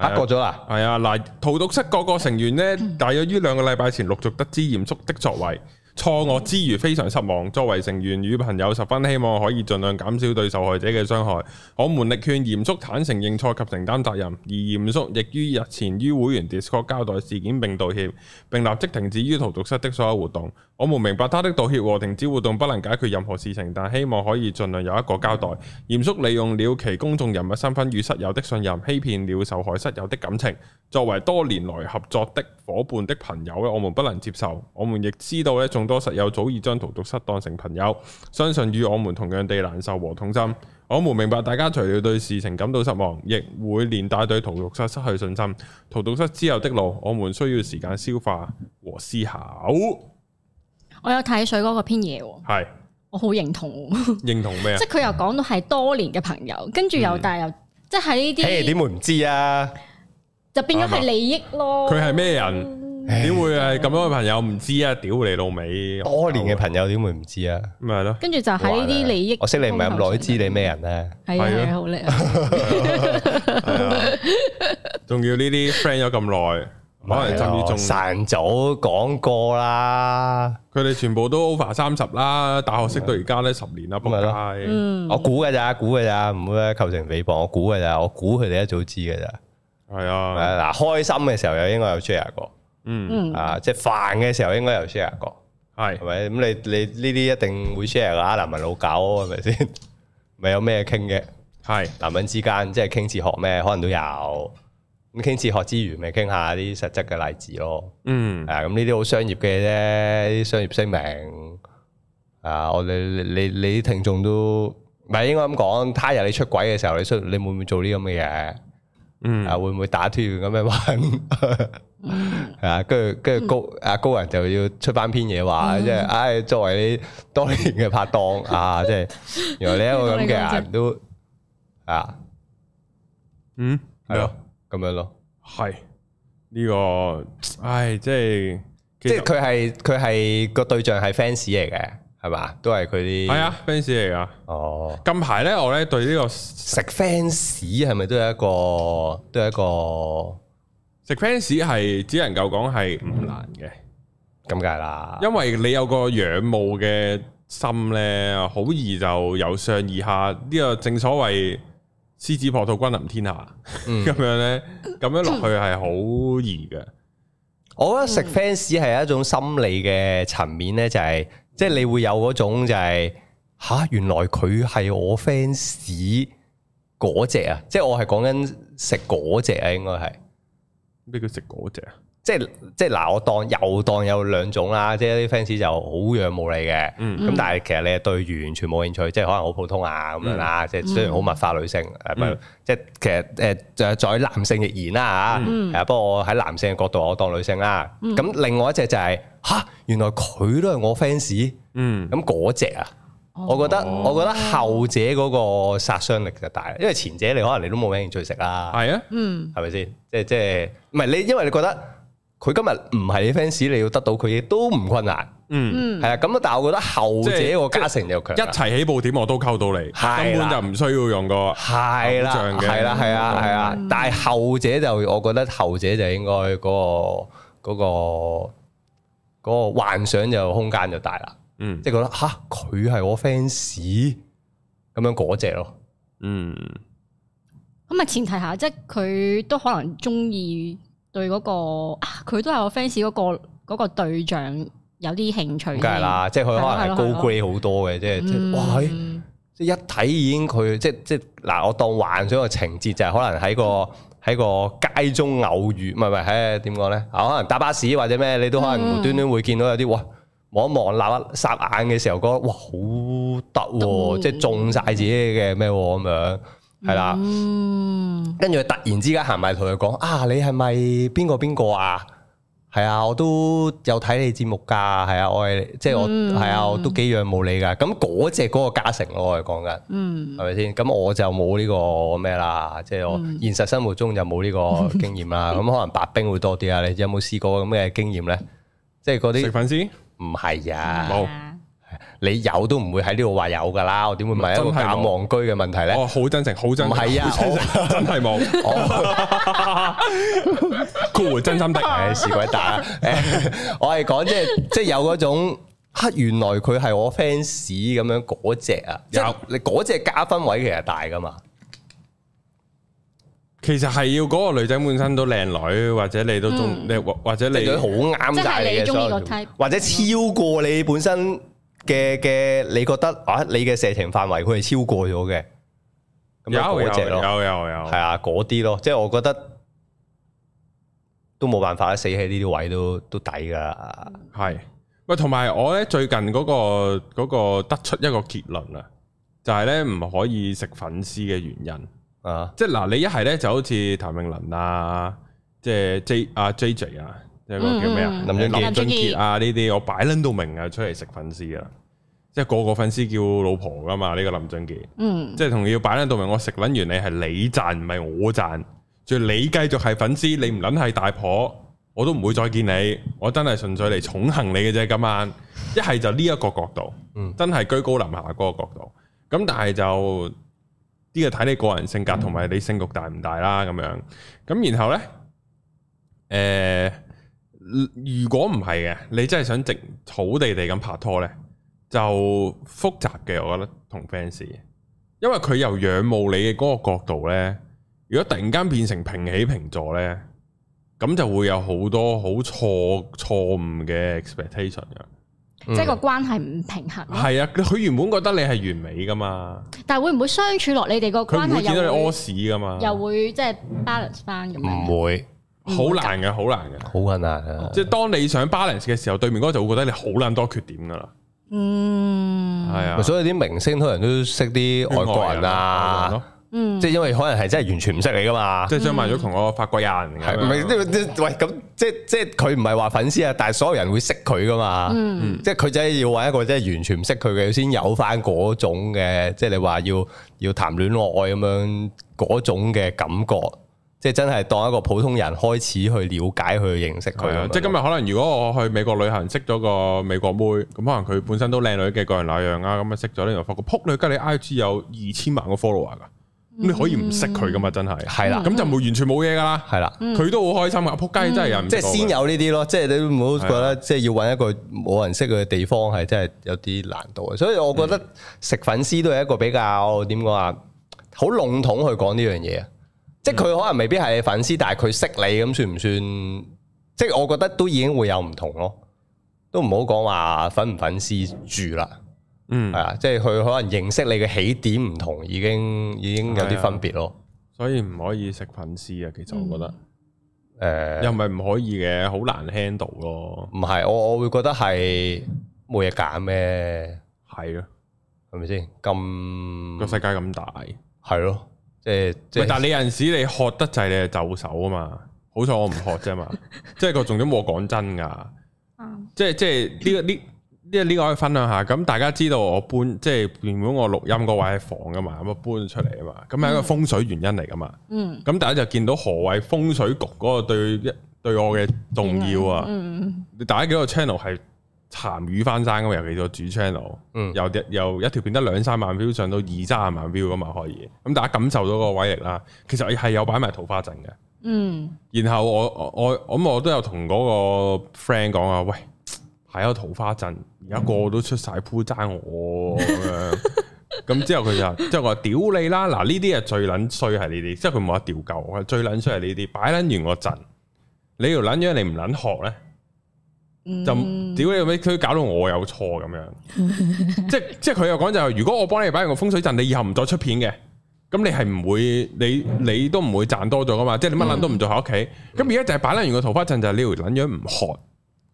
啊，哎、過咗啦！係啊、哎，嗱，逃毒室各個成員咧，大約於兩個禮拜前陸續得知嚴肅的作為，錯愕之餘，非常失望，作為成員與朋友，十分希望可以盡量減少對受害者嘅傷害。我們力勸嚴肅坦承認錯及承擔責任，而嚴肅亦於日前於會員 Discord 交代事件並道歉，並立即停止於荼毒室的所有活動。我們明白他的道歉和停止活動不能解決任何事情，但希望可以盡量有一個交代。嚴肅利用了其公眾人物身份與室友的信任，欺騙了受害室友的感情。作為多年來合作的伙伴的朋友，我們不能接受。我們亦知道咧，仲。更多實友早已將陶毒室當成朋友，相信與我們同樣地難受和痛心。我們明白大家除了對事情感到失望，亦會連帶對陶毒失失去信心。陶毒室之後的路，我們需要時間消化和思考。我有睇水哥嗰篇嘢，係是我好認同，認同咩？即佢又講到係多年嘅朋友，跟住又大又、嗯、即係呢啲，點、hey, 會唔知啊？就變咗係利益咯。佢係咩人？點會係咁樣嘅朋友唔知啊？屌你老味，多年嘅朋友點會唔知啊？咪係咯。跟住就喺呢啲利益。我識你唔係咁耐都知你咩人咧？係啊，好叻啊！仲要呢啲 friend 咗咁耐，可能甚至仲晨早講過啦。佢哋全部都 over 三十啦，大學識到而家咧十年啦，咁咪咯。我估噶咋？估噶咋？唔會構成誹謗。我估噶咋？我估佢哋一早知噶咋。係啊。嗱，開心嘅時候又應該有 share 過。嗯，啊，即係煩嘅時候應該有 share 過，係是，係咪？咁你你呢啲一定會 share 㗎，男人老狗係咪先？咪 有咩傾嘅？係是，男人之間即係傾自學咩，可能都有。咁傾自學之餘，咪傾下啲實質嘅例子咯。嗯，啊，咁呢啲好商業嘅啫，啲商業聲明。啊，我哋，你你啲聽眾都，咪應該咁講，他日你出軌嘅時候，你出你會唔會做呢啲咁嘅嘢？嗯，啊會唔會打脫咁樣玩？係啊，跟住跟住高阿高人就要出翻篇嘢話，即係唉，作為你當年嘅拍檔啊，即係原來你一個咁嘅人都啊，嗯，係咯，咁樣咯，係呢個唉，即係即係佢係佢係個對象係 fans 嚟嘅。係嘛，都係佢啲係啊 fans 嚟噶。哦，近排咧，我咧對呢、這個食 fans 係咪都係一個，都係一個食 fans 係只能夠講係唔難嘅，咁解、嗯、啦。因為你有個仰慕嘅心咧，好易就由上而下。呢、這個正所謂獅子撲兔，君臨天下，咁、 嗯、樣咧，咁樣落去係好易嘅。我覺得食 fans 係一種心理嘅層面咧，就係、是。即係你會有嗰種就係、是、吓、啊，原來佢係我 fans 嗰隻啊！即係我係講緊食嗰隻啊，應該係咩叫食嗰隻啊？即係即係嗱，我當又當有兩種啦，即係啲 fans 就好仰慕你嘅，咁但係其實你對完全冇興趣，即係可能好普通啊咁樣啦，即係雖然好物化女性，即係其實誒在男性亦然啦嚇，不過我喺男性嘅角度，我當女性啦。咁另外一隻就係嚇，原來佢都係我 fans，咁嗰隻啊，我覺得我覺得後者嗰個殺傷力就大，因為前者你可能你都冇咩興趣食啦，係啊，係咪先？即係即係唔係你因為你覺得。佢今日唔係你 fans，你要得到佢嘢都唔困難。嗯，係啊，咁但係我覺得後者個加成就強，一齊起，起步點我都溝到你，的根本就唔需要用個偶像嘅。係啦，係啊，係啊，但係後者就我覺得後者就應該嗰、嗰個、嗰個、嗰個嗰個幻想就空間就大啦。嗯，即係覺得吓佢係我 fans，咁樣嗰隻咯。嗯，咁啊前提下，即係佢都可能中意。對嗰、那個啊，佢都係我 fans 嗰、那個嗰、那個對象有啲興趣。梗係啦，即係佢可能高 grade 好多嘅，即係哇，即係一睇已經佢即係即係嗱，我當幻想嘅情節就係可能喺個喺、嗯、個街中偶遇，唔係唔係，點講咧？啊，可能搭巴士或者咩，你都可能無端端會見到有啲、嗯、哇，望一望，立一霎眼嘅時候，覺得哇好得，嗯、即係中晒自己嘅咩咁樣。係啦，跟住佢突然之間行埋同佢講啊，你係咪邊個邊個啊？係啊，我都有睇你節目噶，係啊，我係即係我係啊，我都幾仰慕你噶。咁嗰隻嗰個加成咯，我係講緊，係咪先？咁我就冇呢個咩啦，即係我現實生活中就冇呢個經驗啦。咁，嗯，可能白冰會多啲啊？你有冇試過咁嘅經驗咧？即係嗰啲粉絲唔係啊。冇你有都唔會喺呢度話有噶啦，我點會唔係一個咁戇居嘅問題咧？我好真誠，好真誠，唔係啊，真係冇，真心得嚟，事鬼打。我係講即係即係有嗰種，啊，原來佢係我 fans 咁樣嗰隻啊，即係你嗰隻加分位其實大噶嘛？其實係要嗰個女仔本身都靚女，或者你都仲你或者你好啱曬，你或者超過你本身。嘅嘅，你覺得啊，你嘅射程範圍佢係超過咗嘅有、嗰個，有有有有有，係啊，嗰啲咯，即係我覺得都冇辦法死喺呢啲位都都抵㗎。係，喂，同埋我咧最近嗰、嗰個嗰、嗰個得出一個結論，就係，啊，就係咧唔可以食粉絲嘅原因啊，即係嗱，你一係咧就好似譚詠麟啊，即係 J 啊 J J 啊。即係叫咩、嗯、啊？林俊傑啊呢啲些，我擺卵到明啊，出嚟食粉絲啊！即係個個粉絲叫老婆噶嘛？呢、這個林俊傑，嗯，即係同樣擺撚到明，我食撚完，完你係你賺，唔係我賺。仲要、就是、你繼續係粉絲，你唔撚係大婆，我都唔會再見你。我真係純粹嚟寵幸你嘅啫，今晚一係就呢一個角度，嗯，真係居高臨下嗰個角度。咁但係就呢個睇你個人性格同埋你聲谷大唔大啦，咁樣。咁然後咧，誒、呃。呃如果唔係嘅，你真係想直好地地咁拍拖咧，就複雜嘅。我覺得同 fans，因為佢由仰慕你嘅嗰個角度咧，如果突然間變成平起平坐咧，咁就會有好多好錯錯誤嘅 expectation 嘅，ex 即係個關係唔平衡。係啊，佢、嗯啊、原本覺得你係完美噶嘛，但係會唔會相處落你哋個關係又會見到你屙屎噶嘛，又會即係 balance 翻咁樣？唔會。好難嘅，好難嘅，好困難嘅。即係當你上 balance 嘅時候，對面嗰個就會覺得你好捻多缺點噶啦。嗯，係啊、哎呀。所以啲明星通常都識啲外國人啊。人人嗯，即係因為可能係真係完全唔識你噶嘛。嗯、即係張曼玉同個法國人，係唔係？喂，咁即係即係佢唔係話粉絲啊，但係所有人會識佢噶嘛？嗯，即係佢真係要揾一個即係完全唔識佢嘅，先有翻嗰種嘅，即係你話要要談戀愛咁樣嗰種嘅感覺。即係真係當一個普通人開始去了解去認識佢，即係今日可能如果我去美國旅行識咗個美國妹，咁可能佢本身都靚女嘅個人那樣啊，咁啊識咗呢，又發覺撲街你 I G 有二千萬個 follower 噶、嗯，咁你可以唔識佢噶嘛？真係係啦，咁、嗯、就冇完全冇嘢噶啦，係啦、嗯，佢的都好開心啊！撲街的、嗯、真係人。即係先有呢啲咯，即係你唔好覺得即係要揾一個冇人識佢嘅地方係真係有啲難度啊，所以我覺得食粉絲都係一個比較點講啊，好籠、嗯、統去講呢樣嘢即係佢可能未必係你粉絲，但係佢識你咁，算唔算？即係我覺得都已經會有唔同咯，都唔好講話粉唔粉絲住啦。嗯，係啊，即係佢可能認識你嘅起點唔同，已經已經有啲分別咯、嗯。所以唔可以食粉絲啊，其實我覺得，誒、嗯，呃、又唔係唔可以嘅，好難 handle 咯。唔係，我我會覺得係冇嘢揀咩，係咯的，係咪先？咁個世界咁大，係咯。即係，呃就是、但係你有陣時你學得就滯，你係就手啊嘛。好彩我唔學啫嘛。 即係、個重點，我講真噶。即係即係呢個呢呢個呢個可以分享下。咁大家知道我搬，即係原本我錄音嗰位係房噶嘛，咁啊搬出嚟啊嘛。咁係一個風水原因嚟噶嘛嗯。嗯。咁大家就見到何謂風水局嗰個對一對我嘅重要啊。嗯嗯你大家幾個 channel 係？鹹魚翻生咁，尤其是我主 channel、嗯、有啲有一條變得兩三萬 view，上到二三十萬 view 噶嘛可以。咁大家感受到個威力啦。其實係有擺埋桃花陣嘅。嗯。然後我我我咁我都有同嗰個 friend 講啊，喂，係有桃花陣，而家個個都出晒鋪爭我咁樣。咁 之後佢就即係我話屌 你啦！嗱呢啲係最撚衰係呢啲，即係佢冇得屌鳩，最撚衰係呢啲擺撚完個陣，你條撚樣你唔撚學咧？就屌你咩？佢搞到我有錯咁樣，嗯、即係 即係佢又講就係、是，如果我幫你擺完個風水陣，你以後唔再出片嘅，咁你係唔會，你你都唔會賺多咗噶嘛？即係你乜捻都唔做喺屋企，咁而家就係擺捻完個桃花陣，就是、你條捻樣唔渴，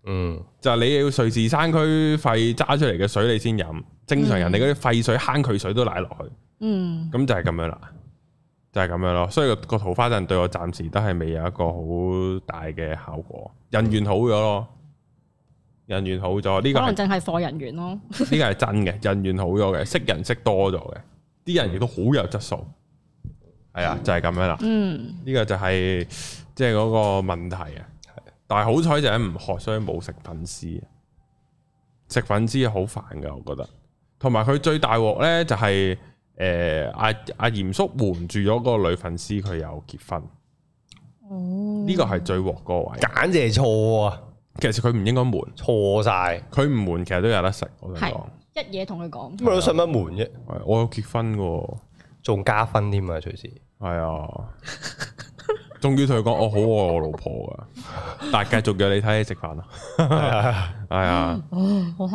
嗯，就係你要瑞士山區肺揸出嚟嘅水你先飲，正常人哋嗰啲廢水坑渠水都奶落去，嗯，咁就係咁樣啦，就係、是、咁樣咯。所以個桃花陣對我暫時都係未有一個好大嘅效果，人緣好咗咯。人緣好咗，呢、這個可能淨係火人緣咯。呢 個係真嘅，人緣好咗嘅，識人識多咗嘅，啲人亦都好有質素，係、嗯、啊，就係、是、咁樣啦。嗯，呢個就係即係嗰個問題啊。但係好彩就係唔學，所以冇食粉絲。食粉絲好煩噶，我覺得。同埋佢最大鑊呢、就是，就係誒阿阿嚴叔瞞住咗嗰個女粉絲，佢又結婚。哦、嗯，呢個係最鑊嗰位，簡直係錯啊！其實佢唔應該瞞，錯晒了，佢唔瞞其實都有得食。是我同你講一嘢同佢講，咁你使乜瞞啫？我有結婚嘅，仲加分添啊，隨時係啊。哎呦 仲要同佢講我好愛我老婆啊。但係繼續叫你睇你食飯啦，係啊，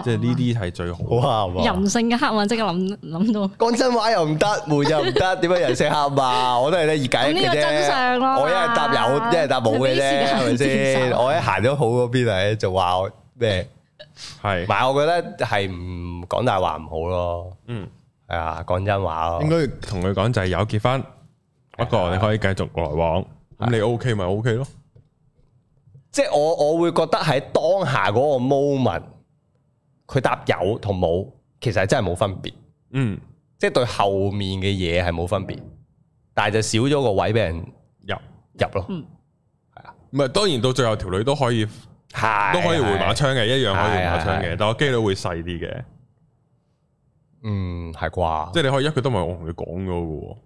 即係呢啲係最好，好鹹啊！人性嘅黑暗即刻諗諗到，講真話又唔得，換又唔得，點樣人性黑啊。我都係咧而解嘅啫，真相我一人答有，一人答冇嘅啫，係咪先？我一行咗好嗰邊咧，就話咩？係，同埋我覺得係唔講大話唔好咯。嗯，係啊，講真話咯。應該同佢講就係有結婚，不過你可以繼續來往。咁你 O K 咪 O K 咯，即係我我會覺得喺當下嗰個 moment，佢答有同冇，其實係真係冇分別，嗯，即係對後面嘅嘢係冇分別，但係就少咗個位俾人入入咯，係、嗯、啊，唔係當然到最後條女都可以，係、啊、都可以回馬槍嘅，啊、一樣可以回馬槍嘅，啊啊、但我機率會細啲嘅，嗯係啩，即係你可以一句都唔係我同你講㗎嘅。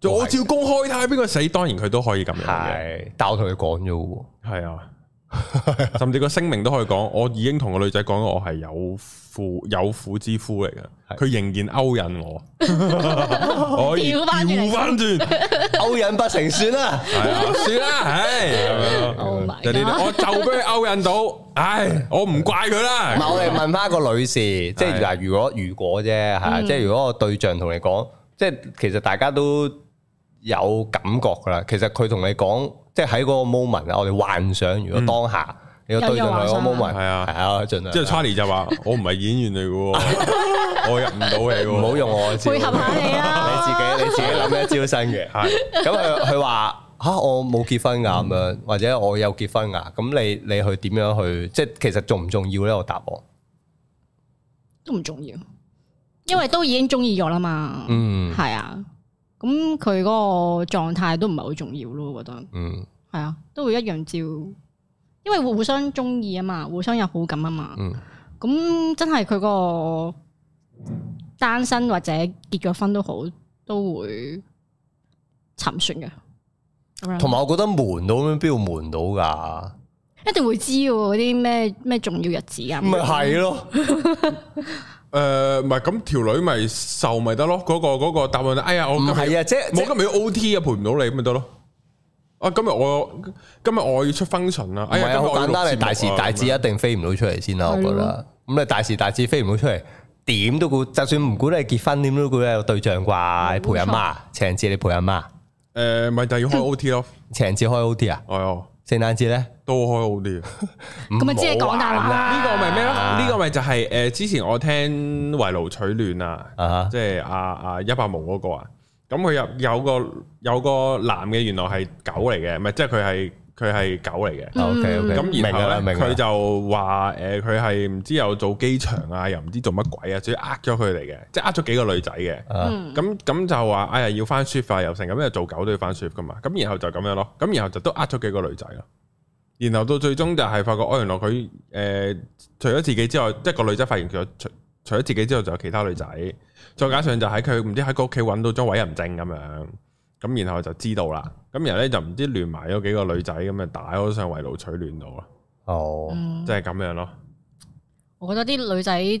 就我照公開睇下邊個死？當然佢都可以咁樣嘅。但我同佢講咗喎，係啊，甚至個聲明都可以講。我已經同個女仔講，我係有婦有婦之夫嚟嘅。佢是仍然勾引我， 我要翻轉， 勾引不成算啦，算啦，唉、 啊。就呢、啊 oh、我就俾佢勾引到，唉，我唔怪佢啦。我嚟問翻個女士，即係嗱，如果如果啫嚇，即係 如果個對象同你講，即、就、係、是、其實大家都。有感覺噶啦，其實佢同你講，即係喺嗰個 moment 啊，我哋幻想如果當下，你要對住另個 moment，係、嗯、啊，係、就是、 啊，盡量。即係 Charlie 就話：我唔係演員嚟嘅，我入唔到戲，唔好用我配合你自己，你自己諗一招新嘅。係咁佢佢話吓我冇結婚啊咁樣，嗯、或者我有結婚啊？咁你你去點樣去？即係其實重唔重要呢個答案？都唔重要，因為都已經中意咗啦嘛。 的嗯，係啊。咁佢嗰個狀態都唔係好重要咯，我覺得。嗯。係啊，都會一樣照，因為互相中意啊嘛，互相有好感啊嘛。嗯。咁真係佢個單身或者結咗婚都好，都會沉船嘅。同埋，我覺得瞞到咩必要瞞到噶？一定會知嗰啲咩咩重要日子啊？咪係咯。 誒，唔係、呃、咁、那、條、個、女咪瘦咪得咯？嗰、那個、那個答案，哎呀，我唔係啊，即係我今日要 O T 啊，陪唔到你咪得咯。啊，今日我今日我要出 function 啦。唔、哎、係，好簡單，係、啊、大時大節一定飛唔到出嚟先啦、啊。的我覺得，咁你大時大節飛唔到出嚟，點都估，就算唔估你結婚，點都估你有對象啩？陪阿媽，情人節你陪阿媽？誒錯，咪就、呃、要開 O T 咯？情人節開 O T 啊？哦、哎呦，啊。聖誕節咧？都開好啲嘅，咁咪、嗯、 了即係講大話啦？呢個咪咩咯？呢、啊、個咪就係誒之前我聽圍爐取暖啊，即係阿阿一百毛嗰個啊，咁佢有有個有個男嘅，原來係狗嚟嘅，唔係即係佢係佢係狗嚟嘅。O K O K，咁然後咧佢就話誒，佢係唔知有做機場啊，又唔知做乜鬼啊，所以呃咗佢嚟嘅，即係呃咗幾個女仔嘅。啊、嗯，咁咁就話哎呀，要翻 shift 又成咁又做狗都要翻 shift 噶嘛，咁然後就咁樣咯，咁然後就都呃咗幾個女仔咯。然後到最終就係發覺，哦原來佢誒、呃、除咗自己之外，即係個女仔發現佢除除咗自己之外就有其他女仔，再加上就喺佢唔知喺個屋企揾到咗委任證咁樣，咁然後就知道啦。咁然後咧就唔知聯埋咗幾個女仔咁啊，打咗上圍爐取暖度咯。哦，即係咁樣咯。我覺得啲女仔。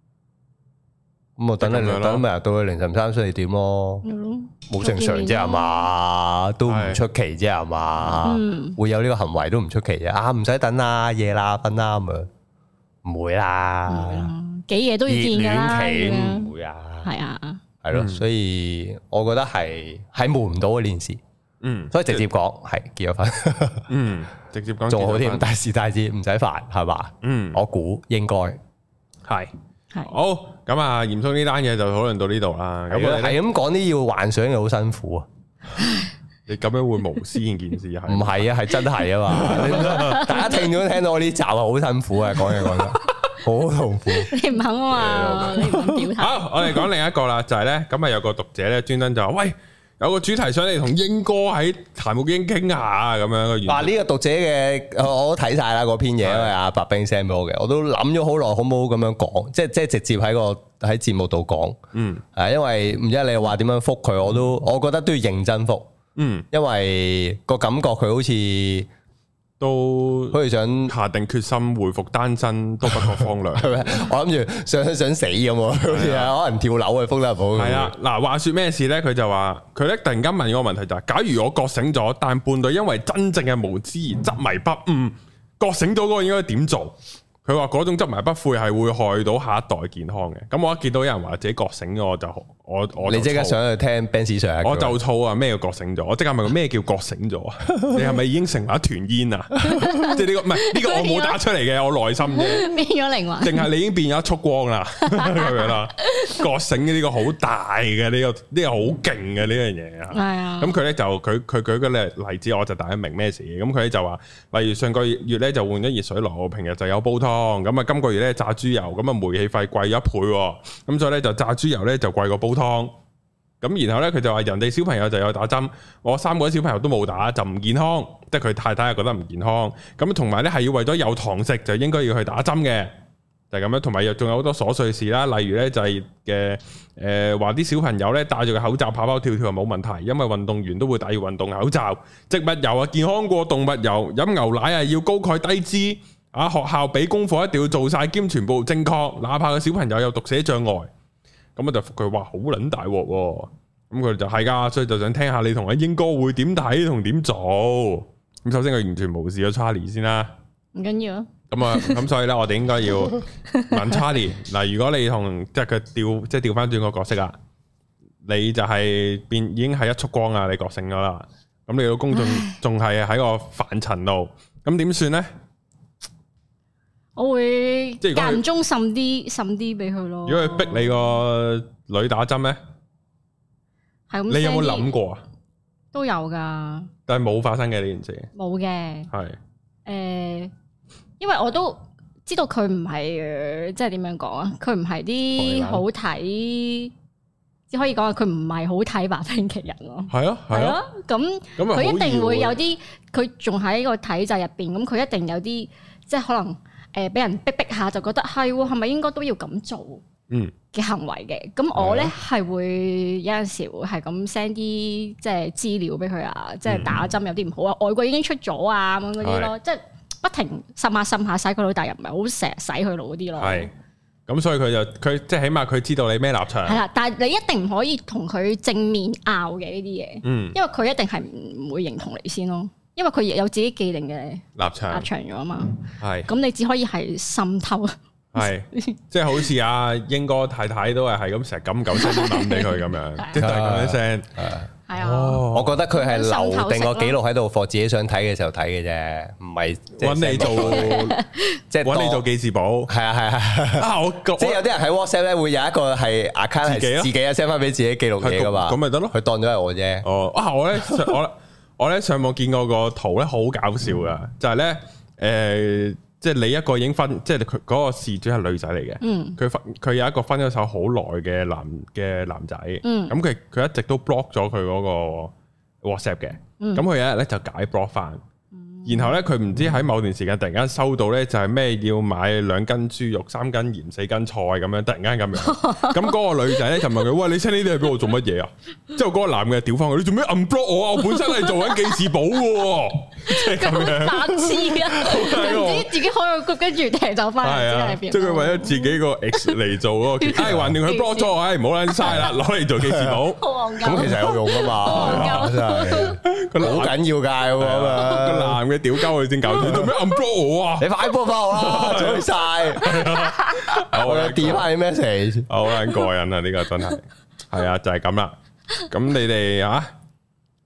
咁啊，等你兩等埋到去凌晨三四點咯，冇正常啫係嘛，都唔出奇啫係嘛，會有呢個行為都唔出奇啫。啊！唔使等啦，夜啦，瞓啦咁樣，唔會啦，幾夜都要見噶唔會啊，係啊，係咯，所以我覺得係喺瞞唔到嘅呢件事，嗯，所以直接講係結咗婚，嗯，直接講做好添，大事大節唔使煩係嘛，嗯，我估應該係。好，咁啊，嚴肅呢單嘢就討論到呢度啦。係咁講啲要幻想嘅好辛苦啊， 你咁樣會無私件事係唔係啊？係真係啊嘛！ 大家聽到聽到我呢集啊，好辛苦啊，講嘢講得好痛苦。你唔肯啊嘛？ 你唔表態。好，我哋講另一個啦，就係咧，咁啊有個讀者咧，專登就話喂。有個主題想嚟同英哥喺談育鷹傾下咁樣嘅。嗱呢個讀者嘅我都睇晒啦嗰篇嘢，因為阿白兵 send 我嘅，我都諗咗好耐，好唔好咁樣講？即係即係直接喺個喺節目度講，嗯，係因為唔知你話點樣覆佢，我都我覺得都要認真覆，嗯，因為個感覺佢好似。都好似想下定決心回復單身，都不過荒涼。係咪？ 我諗住想想，想死咁，好似 可能跳樓去福利保。係 啊，嗱，話説咩事呢？佢就話佢咧突然間問個問題就係、是：假如我覺醒咗，但伴侶因為真正嘅無知而執迷不悟，覺醒咗嗰個應該點做？佢話嗰種執埋不悔係會害到下一代健康嘅，咁我一見到有人話自己覺醒咗，我就我我就你即刻上去聽 Ben Sir, s 上他，說 我就吐啊！咩叫覺醒咗？我即刻問佢咩叫覺醒咗？ 你係咪已經成為一團煙啊？即係呢個唔係呢個我冇打出嚟嘅， 我內心嘅變咗靈魂，淨係你已經變咗一束光啦咁樣啦。覺醒嘅呢個好大嘅呢個呢個好勁嘅呢樣嘢啊！係啊 咁佢咧就佢佢舉個例例子，我就大家明咩事，咁佢咧就話，例如上個月咧就換咗熱水爐，我平日就有煲湯。咁啊，今個月咧炸豬油，咁啊煤氣費貴咗一倍，咁所以咧就炸豬油咧就貴過煲湯。咁然後咧佢就話人哋小朋友就有打針，我三個小朋友都冇打，就唔健康，即係佢太太又覺得唔健康。咁同埋咧係要為咗有糖食就應該要去打針嘅，就係咁樣。同埋又仲有好多瑣碎事啦，例如咧就係嘅誒，話、呃、啲小朋友咧戴住個口罩跑跑跳跳又冇問題，因為運動員都會戴住運動口罩。植物油啊健康過動物油，飲牛奶啊要高鈣低脂。啊！學校俾功課一定要做晒兼全部正確，哪怕個小朋友有讀寫障礙，咁啊就佢話好捻大鑊。咁佢就係噶，所以就想聽下你同阿英哥會點睇同點做。咁首先佢完全無視咗查 h 先啦，唔緊要。咁啊，咁、啊啊、所以咧，我哋應該要問查 h 嗱，如果你同即係佢調即係調翻轉個角色啦，你就係變已經係一束光啊！你覺醒咗啦，咁你公個公眾仲係喺個反塵度，咁點算呢？我會間中滲啲滲啲俾佢咯。如果佢逼你個女打針咧，係咁，你有冇諗過啊？都有噶，但係冇發生嘅呢件事。冇嘅的，係誒是、呃，因為我都知道佢唔係，即係點樣講啊？佢唔係啲好睇，的只可以講話佢唔係好睇白兵嘅人咯。係啊係啊，咁佢一定會有啲，佢仲喺個體制入邊，咁佢一定有啲，即係可能。誒俾人逼逼下就覺得係喎，係咪應該都要咁做嘅行為嘅？咁我咧係會有陣時會係咁 send 啲即係資料俾佢啊，即係打針有啲唔好啊，外國已經出咗啊咁嗰啲咯，即係不停滲下滲下，洗佢腦但又唔係好成日洗佢腦啲咯。係咁，所以佢就佢即係起碼佢知道你咩立場係啦，但係你一定唔可以同佢正面拗嘅呢啲嘢，嗯，因為佢一定係唔會認同你先咯。因為佢亦有自己既定嘅立場立場咗啊嘛，係咁你只可以係滲透，係即係好似阿英哥太太都係係咁成日咁狗聲咁諗俾佢咁樣，即係咁樣聲係啊，我覺得佢係留定個記錄喺度，放自己想睇嘅時候睇嘅啫，唔係搵你做即係搵你做記事簿，係啊係啊，即係有啲人喺 WhatsApp 咧會有一個係 account 自己自己啊 send 翻俾自己記錄嘢噶嘛，咁咪得咯，佢當咗係我啫，哦啊我咧我。我咧上網見過個圖咧，好搞笑噶、嗯就係呃，就係咧，誒，即係你一個已經分，即係佢嗰個事主係女仔嚟嘅，嗯，佢分佢有一個分咗手好耐嘅男嘅男仔，嗯，咁佢佢一直都 block 咗佢嗰個 WhatsApp 嘅，咁佢、嗯、有一日咧就解 block 翻。然後咧，佢唔知喺某段時間突然間收到咧，就係咩要買兩斤豬肉、三斤鹽、四斤菜咁樣，突然間咁樣，咁嗰個女仔咧就問佢：，喂，你 send 呢啲係俾我做乜嘢啊？之後嗰個男嘅屌翻佢：，你做咩暗 block 我啊？我本身係做緊記事簿嘅，即係咁樣白痴，唔知自己開個局跟住停走翻。係啊，即係佢為咗自己個 X 嚟做咯，唉，橫掂佢 block 咗，唉，唔好撚晒啦，攞嚟做記事簿。黃金咁其實有用噶嘛？黃金真係，好緊要噶嘛？個男。俾屌鳩佢先搞掂，做咩 unlock 我啊？你快 block 翻我啊！追晒我嘅電話 message，好撚過癮啊！呢個真係係啊，就係咁啦。咁你哋啊，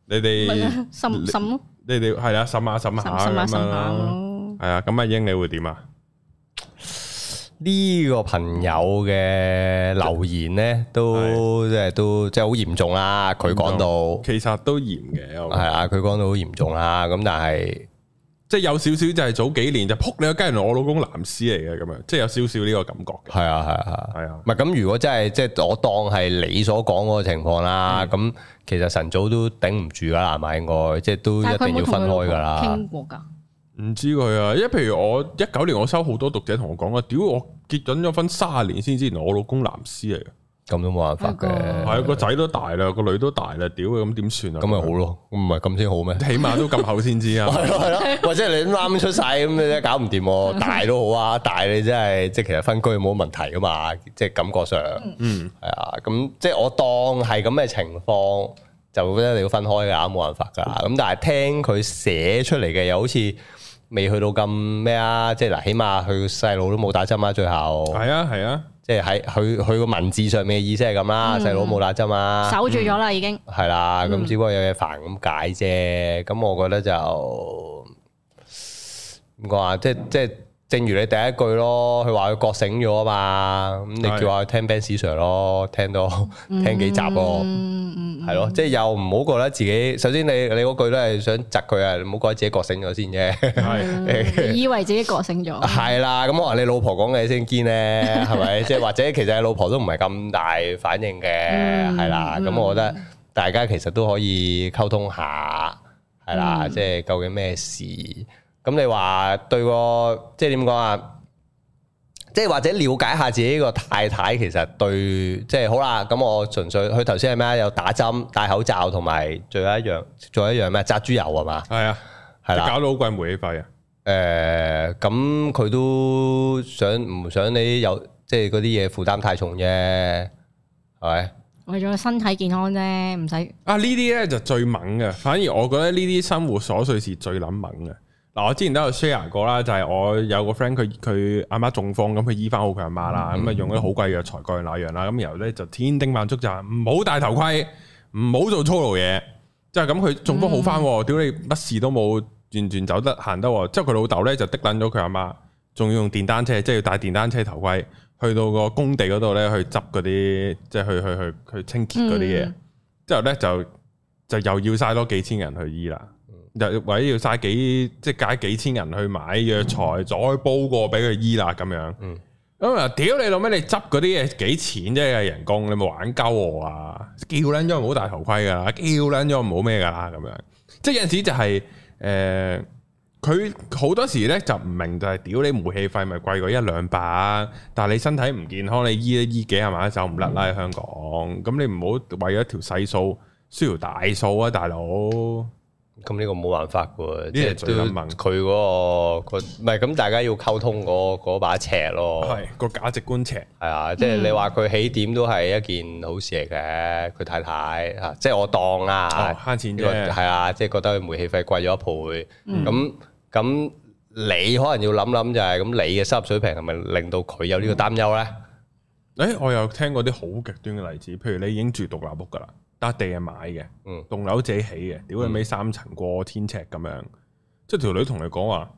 你哋審審咯，你哋係啊，審下審下，係啊。咁阿鷹你會點啊？呢個朋友嘅留言咧，都即係都即係好嚴重啦。佢講到，其實都嚴嘅，係啊。佢講到好嚴重啦，咁但係。即係有少少就係早幾年就扑你個街，人，我老公藍絲嚟嘅咁樣，即係有少少呢個感覺嘅。係啊係啊係啊係啊，唔係咁如果真係即係我當係你所講嗰個情況啦，咁、啊、其實晨早都頂唔住噶啦嘛，應該、嗯、即係都一定要分開噶啦。傾過噶？唔知佢啊，因為譬如我一九年我收好多讀者同我講啊，屌我結緊咗婚三十年先知，原來我老公藍絲嚟嘅。咁都冇辦法嘅，係啊，個仔都大啦，個女都大啦，屌嘅咁點算啊？咁咪好咯，咁唔係咁先好咩？起碼都咁後先知啊、 哦，係咯係咯， 或者你啱啱出世咁，你真係搞唔掂喎。大都好啊，大你真係即係其實分居冇問題噶嘛，即係感覺上，嗯係啊。咁即係我當係咁嘅情況，就咧你要分開噶，冇辦法噶。咁但係聽佢寫出嚟嘅又好似未去到咁咩啊？即係嗱，起碼佢細路都冇打針啊，最後係啊係啊。即係喺佢佢個文字上面嘅意思係咁啦，細佬冇打針啊，守住咗啦、嗯、已經。係啦的，咁、嗯、只不過有嘢煩咁解啫。咁我覺得就，我話即即。正如你第一句咯，佢話佢覺醒咗啊嘛，咁的你叫我聽 Ben Sir 咯，聽到聽到幾集喎，係咯，嗯嗯、即係又唔好覺得自己，首先你你嗰句都係想窒佢啊，你唔好覺得自己覺醒咗先啫，的 以為自己覺醒咗，係啦，咁我話你老婆講嘅先堅咧，係咪？即係 或者其實你老婆都唔係咁大反應嘅，係啦、嗯，咁我覺得大家其實都可以溝通下，係啦，嗯、即係究竟咩事？咁你話對個即係點講啊？即係或者了解下自己個太太，其實對即係好啦。咁我純粹佢頭先係咩啊？有打針、戴口罩，同埋最後一樣，仲有一樣咩？炸豬油係嘛？係啊，係啦。搞到好貴煤氣費啊！誒、呃，咁佢都想唔想你有即係嗰啲嘢負擔太重啫？係咪？為咗身體健康啫，唔使啊！呢啲咧就最猛嘅。反而我覺得呢啲生活瑣碎事最捻猛嘅。嗱，我之前都有 share 過啦，就係、是、我有個 friend，佢佢阿媽中風，咁佢醫翻好佢阿媽啦，咁啊、嗯、用嗰啲好貴藥材，嗰樣、嗯、那樣啦，咁然後咧就千叮萬囑就唔好戴頭盔，唔好做粗魯嘢，就係咁佢中風好翻，屌、嗯、你乜事都冇，完全走得行得，之後佢老豆咧就的撚咗佢阿媽，仲要用電單車，即係要戴電單車頭盔去到個工地嗰度咧去執嗰啲，即、就、係、是、去去去去，去清潔嗰啲嘢，嗯嗯、之後咧就就又要晒多幾千人去醫啦。就或者要嘥幾即係解幾千人去買藥材，嗯、再煲過俾佢醫啦咁樣。咁啊、嗯，屌你老咩！你執嗰啲嘢幾錢啫？人工你冇玩鳩我啊！叫撚咗唔好戴頭盔噶啦，叫撚咗唔好咩噶啦咁樣。即係有陣時就係、是、誒，佢、呃、好多時咧就唔明就係，屌你煤氣費咪貴過一兩百？但係你身體唔健康，你醫咧醫幾啊萬，走唔甩啦喺香港。咁你唔好為咗條細數，輸條大數啊，大佬！咁呢個冇辦法嘅喎，即係都要問佢嗰個，唔係咁大家要溝通嗰把尺咯，係個價值觀尺，係啊，即係你話佢起點都係一件好事嚟嘅，佢太太啊，即係我當啊，慳錢咗，係、這個、啊，即係覺得佢煤氣費貴咗一倍，咁咁、嗯、你可能要諗諗就係、是、咁，你嘅收入水平係咪令到佢有個擔憂呢個擔憂咧？誒、嗯，我又聽過啲好極端嘅例子，譬如你已經住獨立屋㗎啦。地係買嘅，棟樓自己起嘅，屌佢尾三層過千尺咁樣，即係條女同你講話，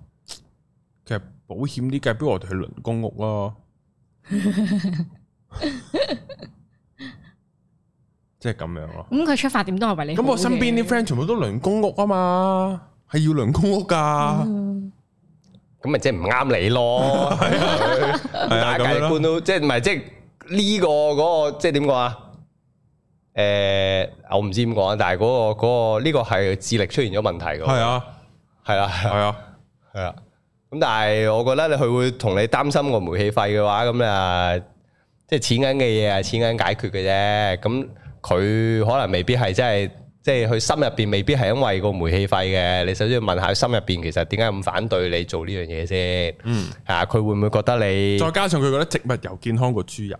其實保險啲計不如我哋去輪公屋咯，即係咁樣咯。咁佢出發點都係為你咁，我身邊啲 friend 全部都輪公屋啊嘛，係要輪公屋噶，咁咪即係唔啱你咯。大家一般都即係唔係即係呢個嗰個即係點講啊？誒，我唔知點講，但係嗰個嗰個呢個係智力出現咗問題嘅。係啊，係啊，係啊，係啊。咁但係我覺得你佢會同你擔心個煤氣費嘅話，咁啊，即係錢銀嘅嘢係，錢銀解決嘅啫。咁佢可能未必係真係，即係佢心入邊未必係因為個煤氣費嘅。你首先要問下佢心入邊，其實點解咁反對你做呢樣嘢先？嗯，啊，佢會唔會覺得你？再加上佢覺得植物油健康過豬油。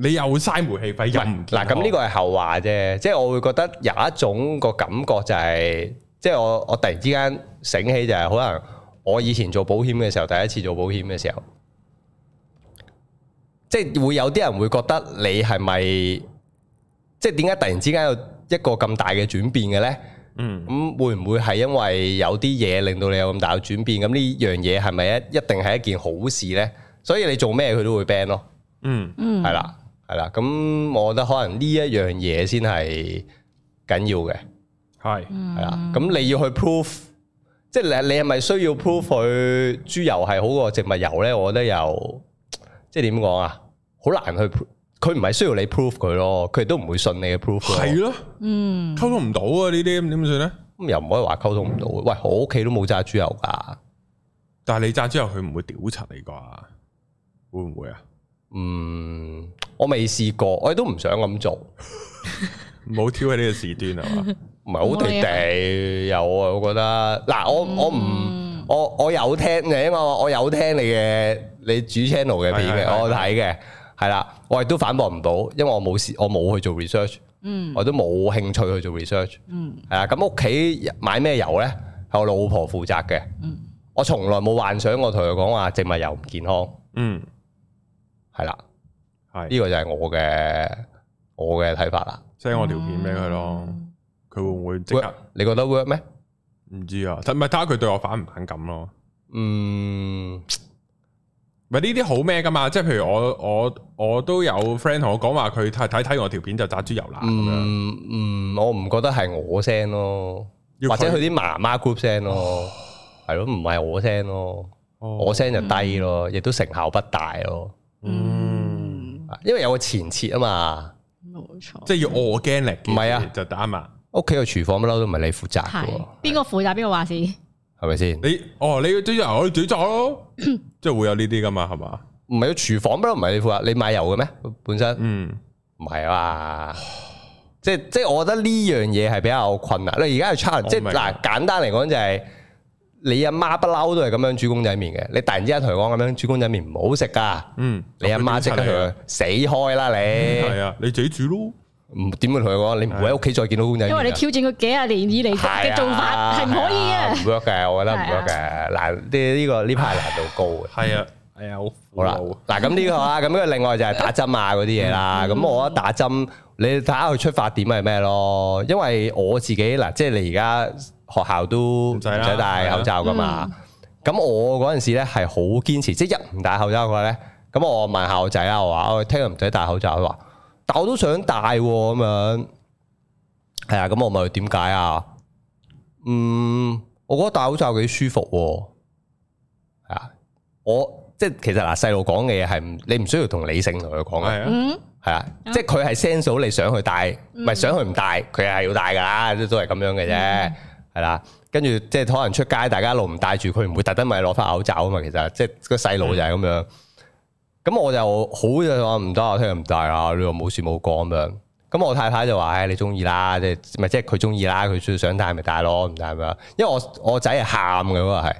你又嘥煤氣費，又唔見。嗱，咁呢個係後話啫，即係我會覺得有一種個感覺就係，即係我我突然之間醒起就係，可能我以前做保險嘅時候，第一次做保險嘅時候，即係會有啲人會覺得你係咪，即係點解突然之間有一個咁大嘅轉變嘅咧？嗯，咁會唔會係因為有啲嘢令到你有咁大嘅轉變？咁呢樣嘢係咪一一定係一件好事咧？所以你做咩佢都會 ban 咯。嗯嗯，係啦。係啦，咁我覺得可能呢一樣嘢先係緊要嘅，係係啦，咁你要去 proof，即係你你係咪需要 proof 佢豬油係好過植物油咧？我覺得又即係點講啊，好難去，佢唔係需要你 proof 佢咯，佢都唔會信你嘅 proof 係咯，的嗯，溝通唔到啊，呢啲咁點算咧？咁又唔可以話溝通唔到，喂，我屋企都冇炸豬油噶，但係你炸之後，佢唔會屌柒你啩？會唔會啊？嗯，我未試過，我亦都唔想咁做。唔好挑起呢個事端啊！唔係好地地有啊，我覺得嗱，我我唔我我有聽嘅，因為我我有聽你嘅你主 channel 嘅片嘅，我睇嘅係啦，我亦都反駁唔到，因為我冇試，我冇去做 research，嗯，我都冇興趣去做 research，嗯，係啊，咁屋企買咩油咧，係我老婆負責嘅，嗯，我從來冇幻想過同佢講話植物油唔健康，嗯。係啦，係呢是個就係我嘅我嘅睇法啦。即係我條片俾佢咯，佢、嗯、會唔會即刻你覺得 work 咩？唔知啊，就唔睇下佢對我反唔反感咯、嗯嗯。嗯，咪呢啲好咩噶嘛？即係譬如我我我都有 friend 同我講話，佢睇睇睇我條片就炸豬油啦。咁樣。嗯嗯，我唔覺得係我聲咯，開或者佢啲媽媽 group 聲咯，係唉咯，唔係、哦、我聲咯，我聲就低咯，亦都成效不大咯、嗯。嗯，因為有個前設啊嘛，冇錯，即係要我驚力唔係啊，就打嘛。屋企個廚房不嬲都唔係你負責嘅，邊個負責邊個話事，係咪先？你哦，你啲油可以自己執咯，即係會有呢啲噶嘛，係嘛？唔係個廚房不嬲唔係你負責，你買油嘅咩？本身嗯，唔係啊嘛，即係即係，我覺得呢樣嘢係比較困難。你而家係差人。即係嗱，簡單嚟講就係。你阿媽不嬲都係咁樣煮公仔麵嘅，你突然之間同我講咁樣煮公仔麵唔好食噶，嗯，你阿媽即刻佢，死開啦你！係啊，你自己煮咯，唔點會同佢講。你唔會喺屋企再見到公仔麵，因為你挑戰佢幾十年以嚟嘅做法係唔可以嘅，唔得嘅，我覺得唔得嘅，難啲呢個呢排難度高嘅。係啊，係啊，好好啦，嗱咁呢個啊，咁呢個另外就係打針啊嗰啲嘢啦，咁我覺得打針，你睇下佢出發點係咩咯？因為我自己嗱，即係你而家。學校都唔使戴口罩噶嘛，咁我嗰陣時咧係好堅持，啊、即係一唔戴口罩嘅話咧。咁我問校仔啊，我話我聽唔使戴口罩，佢話但我都想戴咁樣。係啊，咁我問佢點解啊？嗯，我覺得戴口罩幾舒服喎。係啊，我即係其實嗱，細路講嘅嘢係你唔需要同理性同佢講嘅，係啊，即係佢係 sense 你想去戴，唔係想去唔戴，佢係要戴噶啦，即都係咁樣嘅啫。嗯嗯係啦，跟住即係可能出街，大家一路唔戴住，佢唔會特登咪攞翻口罩啊嘛。其實即係、個細路就係咁樣。咁、嗯、我就好就話唔得，我聽日唔戴啊。你話冇事冇講咁樣。咁我太太就話：，唉、哎，你中意啦，即係咪即係佢中意啦？佢想戴咪戴咯，唔戴咪。因為我我仔係喊噶，嗰個係，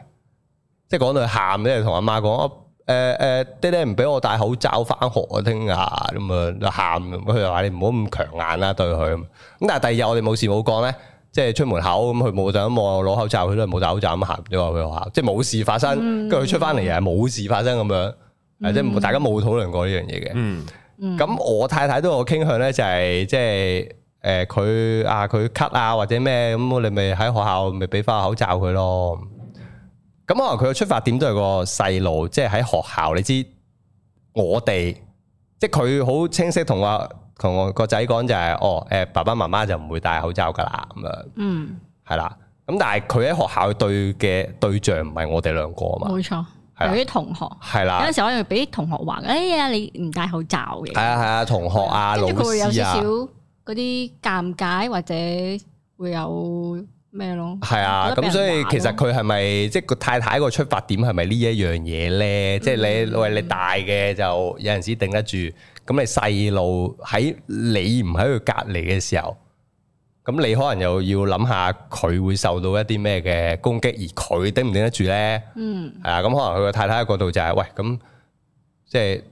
即係講到喊即咧，同阿媽講：，誒誒，爹爹唔俾我戴口罩翻學啊，聽日咁啊，就喊。佢就話：，你唔好咁強硬啦，對佢。咁但係第二日我哋冇事冇講咧。即係出門口咁，佢冇就咁望我攞口罩，佢都係冇戴口罩咁行。咗話去學校，即係冇事發生。跟住佢出翻嚟又係冇事發生咁樣，嗯、即係大家冇討論過呢樣嘢嘅。咁、嗯嗯、我太太都有傾向咧就係、是、即係誒，佢、呃、啊佢咳啊或者咩咁，我哋咪喺學校咪俾翻口罩佢咯。咁可能佢嘅出發點都係個細路、就是，即係喺學校你知我哋，即係佢好清晰同話。同我個仔講就係哦，誒爸爸媽媽就唔會戴口罩噶啦，咁樣，嗯，係啦，咁但係佢喺學校對嘅對象唔係我哋兩個啊嘛，冇錯，係啲同學，係啦，有陣時我又俾啲同學話，哎呀你唔戴口罩嘅，係啊，係啊，同學啊，老師啊，跟住佢會有少少嗰啲尷尬或者會有。咩，係啊，咁所以其實佢係咪即係個太太個出發點係咪呢一樣嘢咧？嗯、即係你喂，你大嘅就有陣時頂得住，咁、嗯、你細路喺你唔喺佢隔離嘅時候，咁你可能又要諗下佢會受到一啲咩嘅攻擊，而佢頂唔頂得住咧？嗯，係啊，咁可能佢個太太嘅角度就係、是、喂，咁，即係、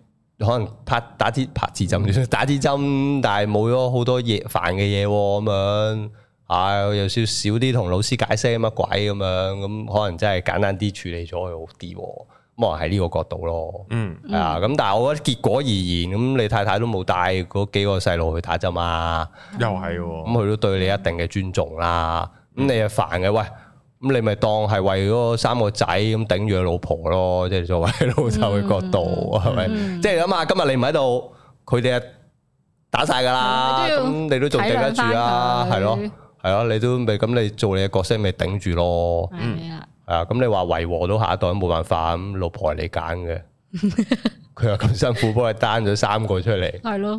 就是、可能拍打支打支針，打支針，但係冇咗好多嘢煩嘅嘢喎咁樣。啊、哎，有少少啲同老師解釋乜鬼咁樣，咁可能真係簡單啲處理咗佢好啲，咁可能喺呢個角度咯。嗯，係啊。咁但係我覺得結果而言，咁你太太都冇帶嗰幾個細路去打針啦，又係咁佢都對你一定嘅尊重啦。咁、嗯、你又煩嘅，喂，咁你咪當係為嗰三個仔咁頂住個老婆咯，即係作為老豆嘅角度，係咪？即係咁啊！今日你唔喺度，佢哋呀打晒㗎啦，咁、嗯、你都仲頂得住啊？係咯。係啊，你都咪咁，你做你嘅角色咪頂住咯。係啊，係啊，咁你話維和到下一代都冇辦法咁，老婆係你揀嘅，佢又咁辛苦幫你單咗三個出嚟，係咯、 啊，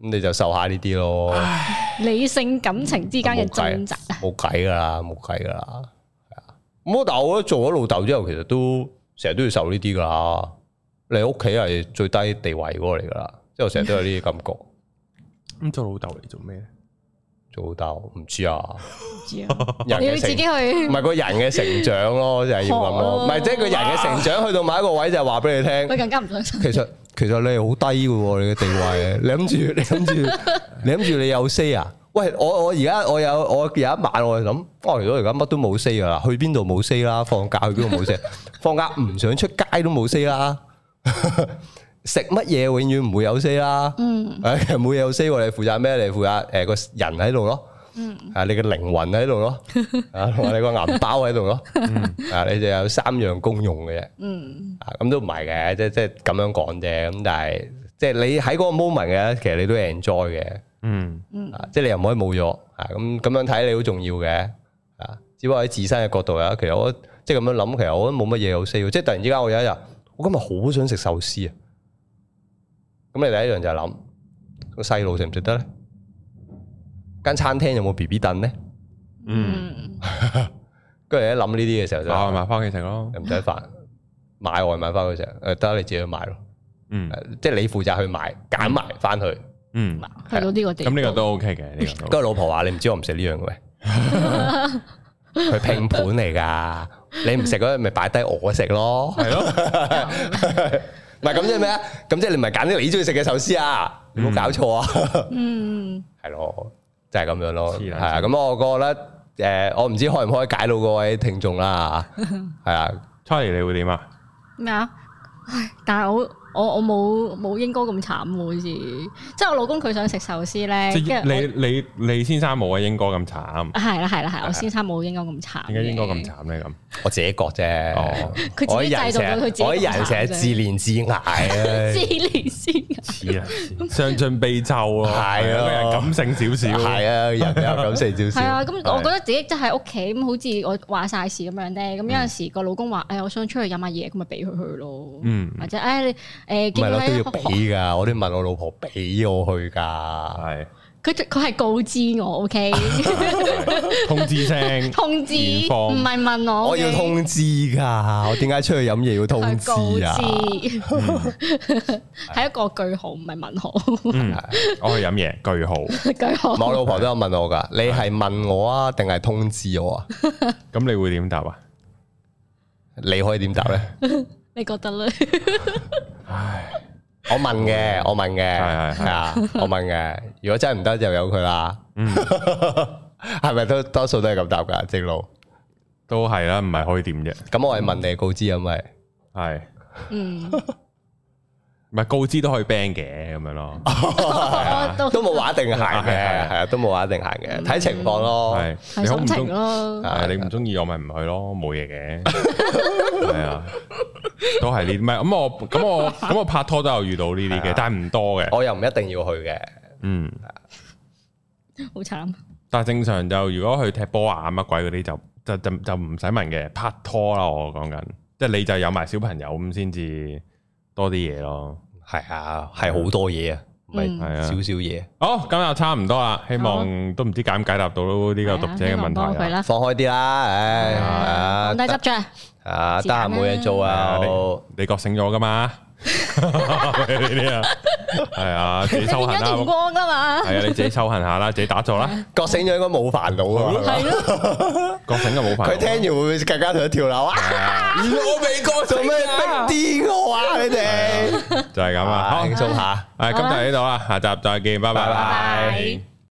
咁你就受下呢啲咯。理性感情之間嘅掙扎，冇計噶啦，冇計噶啦。咁、啊、但係我做咗老豆之後，其實都成日都要受呢啲噶啦。你屋企係最低地位嗰、那個嚟噶啦，即係我成日都有呢啲感覺。咁 做老豆嚟做咩？老豆唔知啊，要自己去，唔係個人嘅成長咯，就係要咁咯，唔係即係個人嘅成長去到某一個位就話俾你聽，我更加唔想。其實其實你係好低嘅，你嘅地位，你諗住你諗住你諗住你有 say 啊？喂，我我而家我有我有一晚我係諗，我如果而家乜都冇 say 噶啦，去邊度冇 say 啦，放假去邊度冇 say，放假唔想出街都冇 say 啦。食乜嘢永遠唔會有 C 啦，誒冇嘢有 C，我你負責咩？你負責誒個、呃、人喺度咯，嗯、啊你嘅靈魂喺度咯， 啊同埋你個銀包喺度咯，啊你就有三樣公用嘅啫，嗯、啊咁都唔係嘅，即即咁樣講啫，咁但係即、就是、你喺嗰個 moment 嘅，其實你都 enjoy 嘅，嗯，啊即、就是、你又唔可以冇咗，啊咁咁樣睇你好重要嘅，啊只不過喺自身嘅角度啊，其實我即咁、就是、樣諗，其實我都冇乜嘢有 C，即突然之間我有一日，我今日好想食壽司啊！咁你第一樣就諗個細路食唔食得咧？間餐廳有冇 B B 凳咧？嗯，跟住一諗呢啲嘅時候就買埋翻去食咯，又唔使煩買外賣翻去食，誒得你自己去買咯，嗯，即係你負責去買揀埋翻去，嗯，係咯呢個點，咁呢個都 OK 嘅呢個。跟住老婆話你唔知我唔食呢樣嘅咩？佢拼盤嚟噶，你唔食嗰樣咪擺低我食咯，係咯。唔係咁即係咩？咁即係你唔係揀呢度你鍾意食嘅壽司啊！嗯、你冇搞錯啊！嗯，係咯，就係咁樣咯。係啊，咁我覺得，誒，我唔知可唔可以解到各位聽眾啦。係啊，Charlie， 你會點啊？咩啊？但係我。我我冇冇英哥咁慘喎，好似即係我老公佢想食壽司咧，你你你先生冇啊英哥咁慘，係啦係啦係啦，我先生冇英哥咁慘。點解英哥咁慘咧咁？我自己覺啫，佢自己製造咗佢自己。我啲人成日自憐自艾啊，自憐自艾，自憐自艾，上盡悲咒啊，係啊，感性少少，係啊，人比較感性少少。係啊，咁我覺得自己真係屋企咁，好似我話晒事咁樣啫。咁有陣時個老公話：誒，我想出去飲下嘢，咁咪俾佢去咯。或者誒你。誒，唔係咯，都要俾噶，我都問我老婆俾我去噶，係佢佢係告知我，O K，通知聲，通知，唔係問我，我要通知噶，我點解出去飲嘢要通知啊？係一個句號，唔係問號。嗯，我去飲嘢，句號，句號。我老婆都有問我噶，你係問我啊，定係通知我啊？咁你會點答啊？你可以點答咧？你覺得咧 唉？我問嘅， 我問嘅係啊，我問嘅。如果真係唔得，就由佢啦。係咪都多數都係咁答噶？正路都係啦，唔係可以點啫？咁我係問你告知，因為係嗯。咪告知都可以 bang 嘅咁樣咯， 啊、都冇話一定行嘅，係啊，啊，啊，啊，都冇話一定行嘅，睇情況咯，係好唔中咯。啊、你唔中意我咪唔去咯，冇嘢嘅，係 啊，都係呢。唔係咁我咁我咁我，我拍拖都有遇到呢啲嘅，啊、但係唔多嘅。我又唔一定要去嘅，嗯，好慘 慘。但係正常就如果去踢波啊乜鬼嗰啲就就就就唔使問嘅，拍拖啦我講緊，即、就、係、是、你就有埋小朋友咁先至。多啲嘢咯，係啊，係好多嘢啊，唔係少少嘢。好、哦，今日差唔多啦，希望都唔知解唔解答到呢個讀者嘅問題，哦啊、放開啲啦，唔使執著，啊，得閒冇嘢做啊，啊，你你覺醒咗噶嘛？係啊，自己修行啦，唔乾淨噶嘛，係啊，你自己修行下啦，自己打坐啦，覺醒咗應該冇煩惱啊嘛，係咯，覺醒就冇煩惱。佢聽完會唔會更加想跳樓啊？我未講做咩逼癲我啊？你哋就係咁啊，輕鬆下，誒，咁就喺呢度啦，下集再見，拜拜。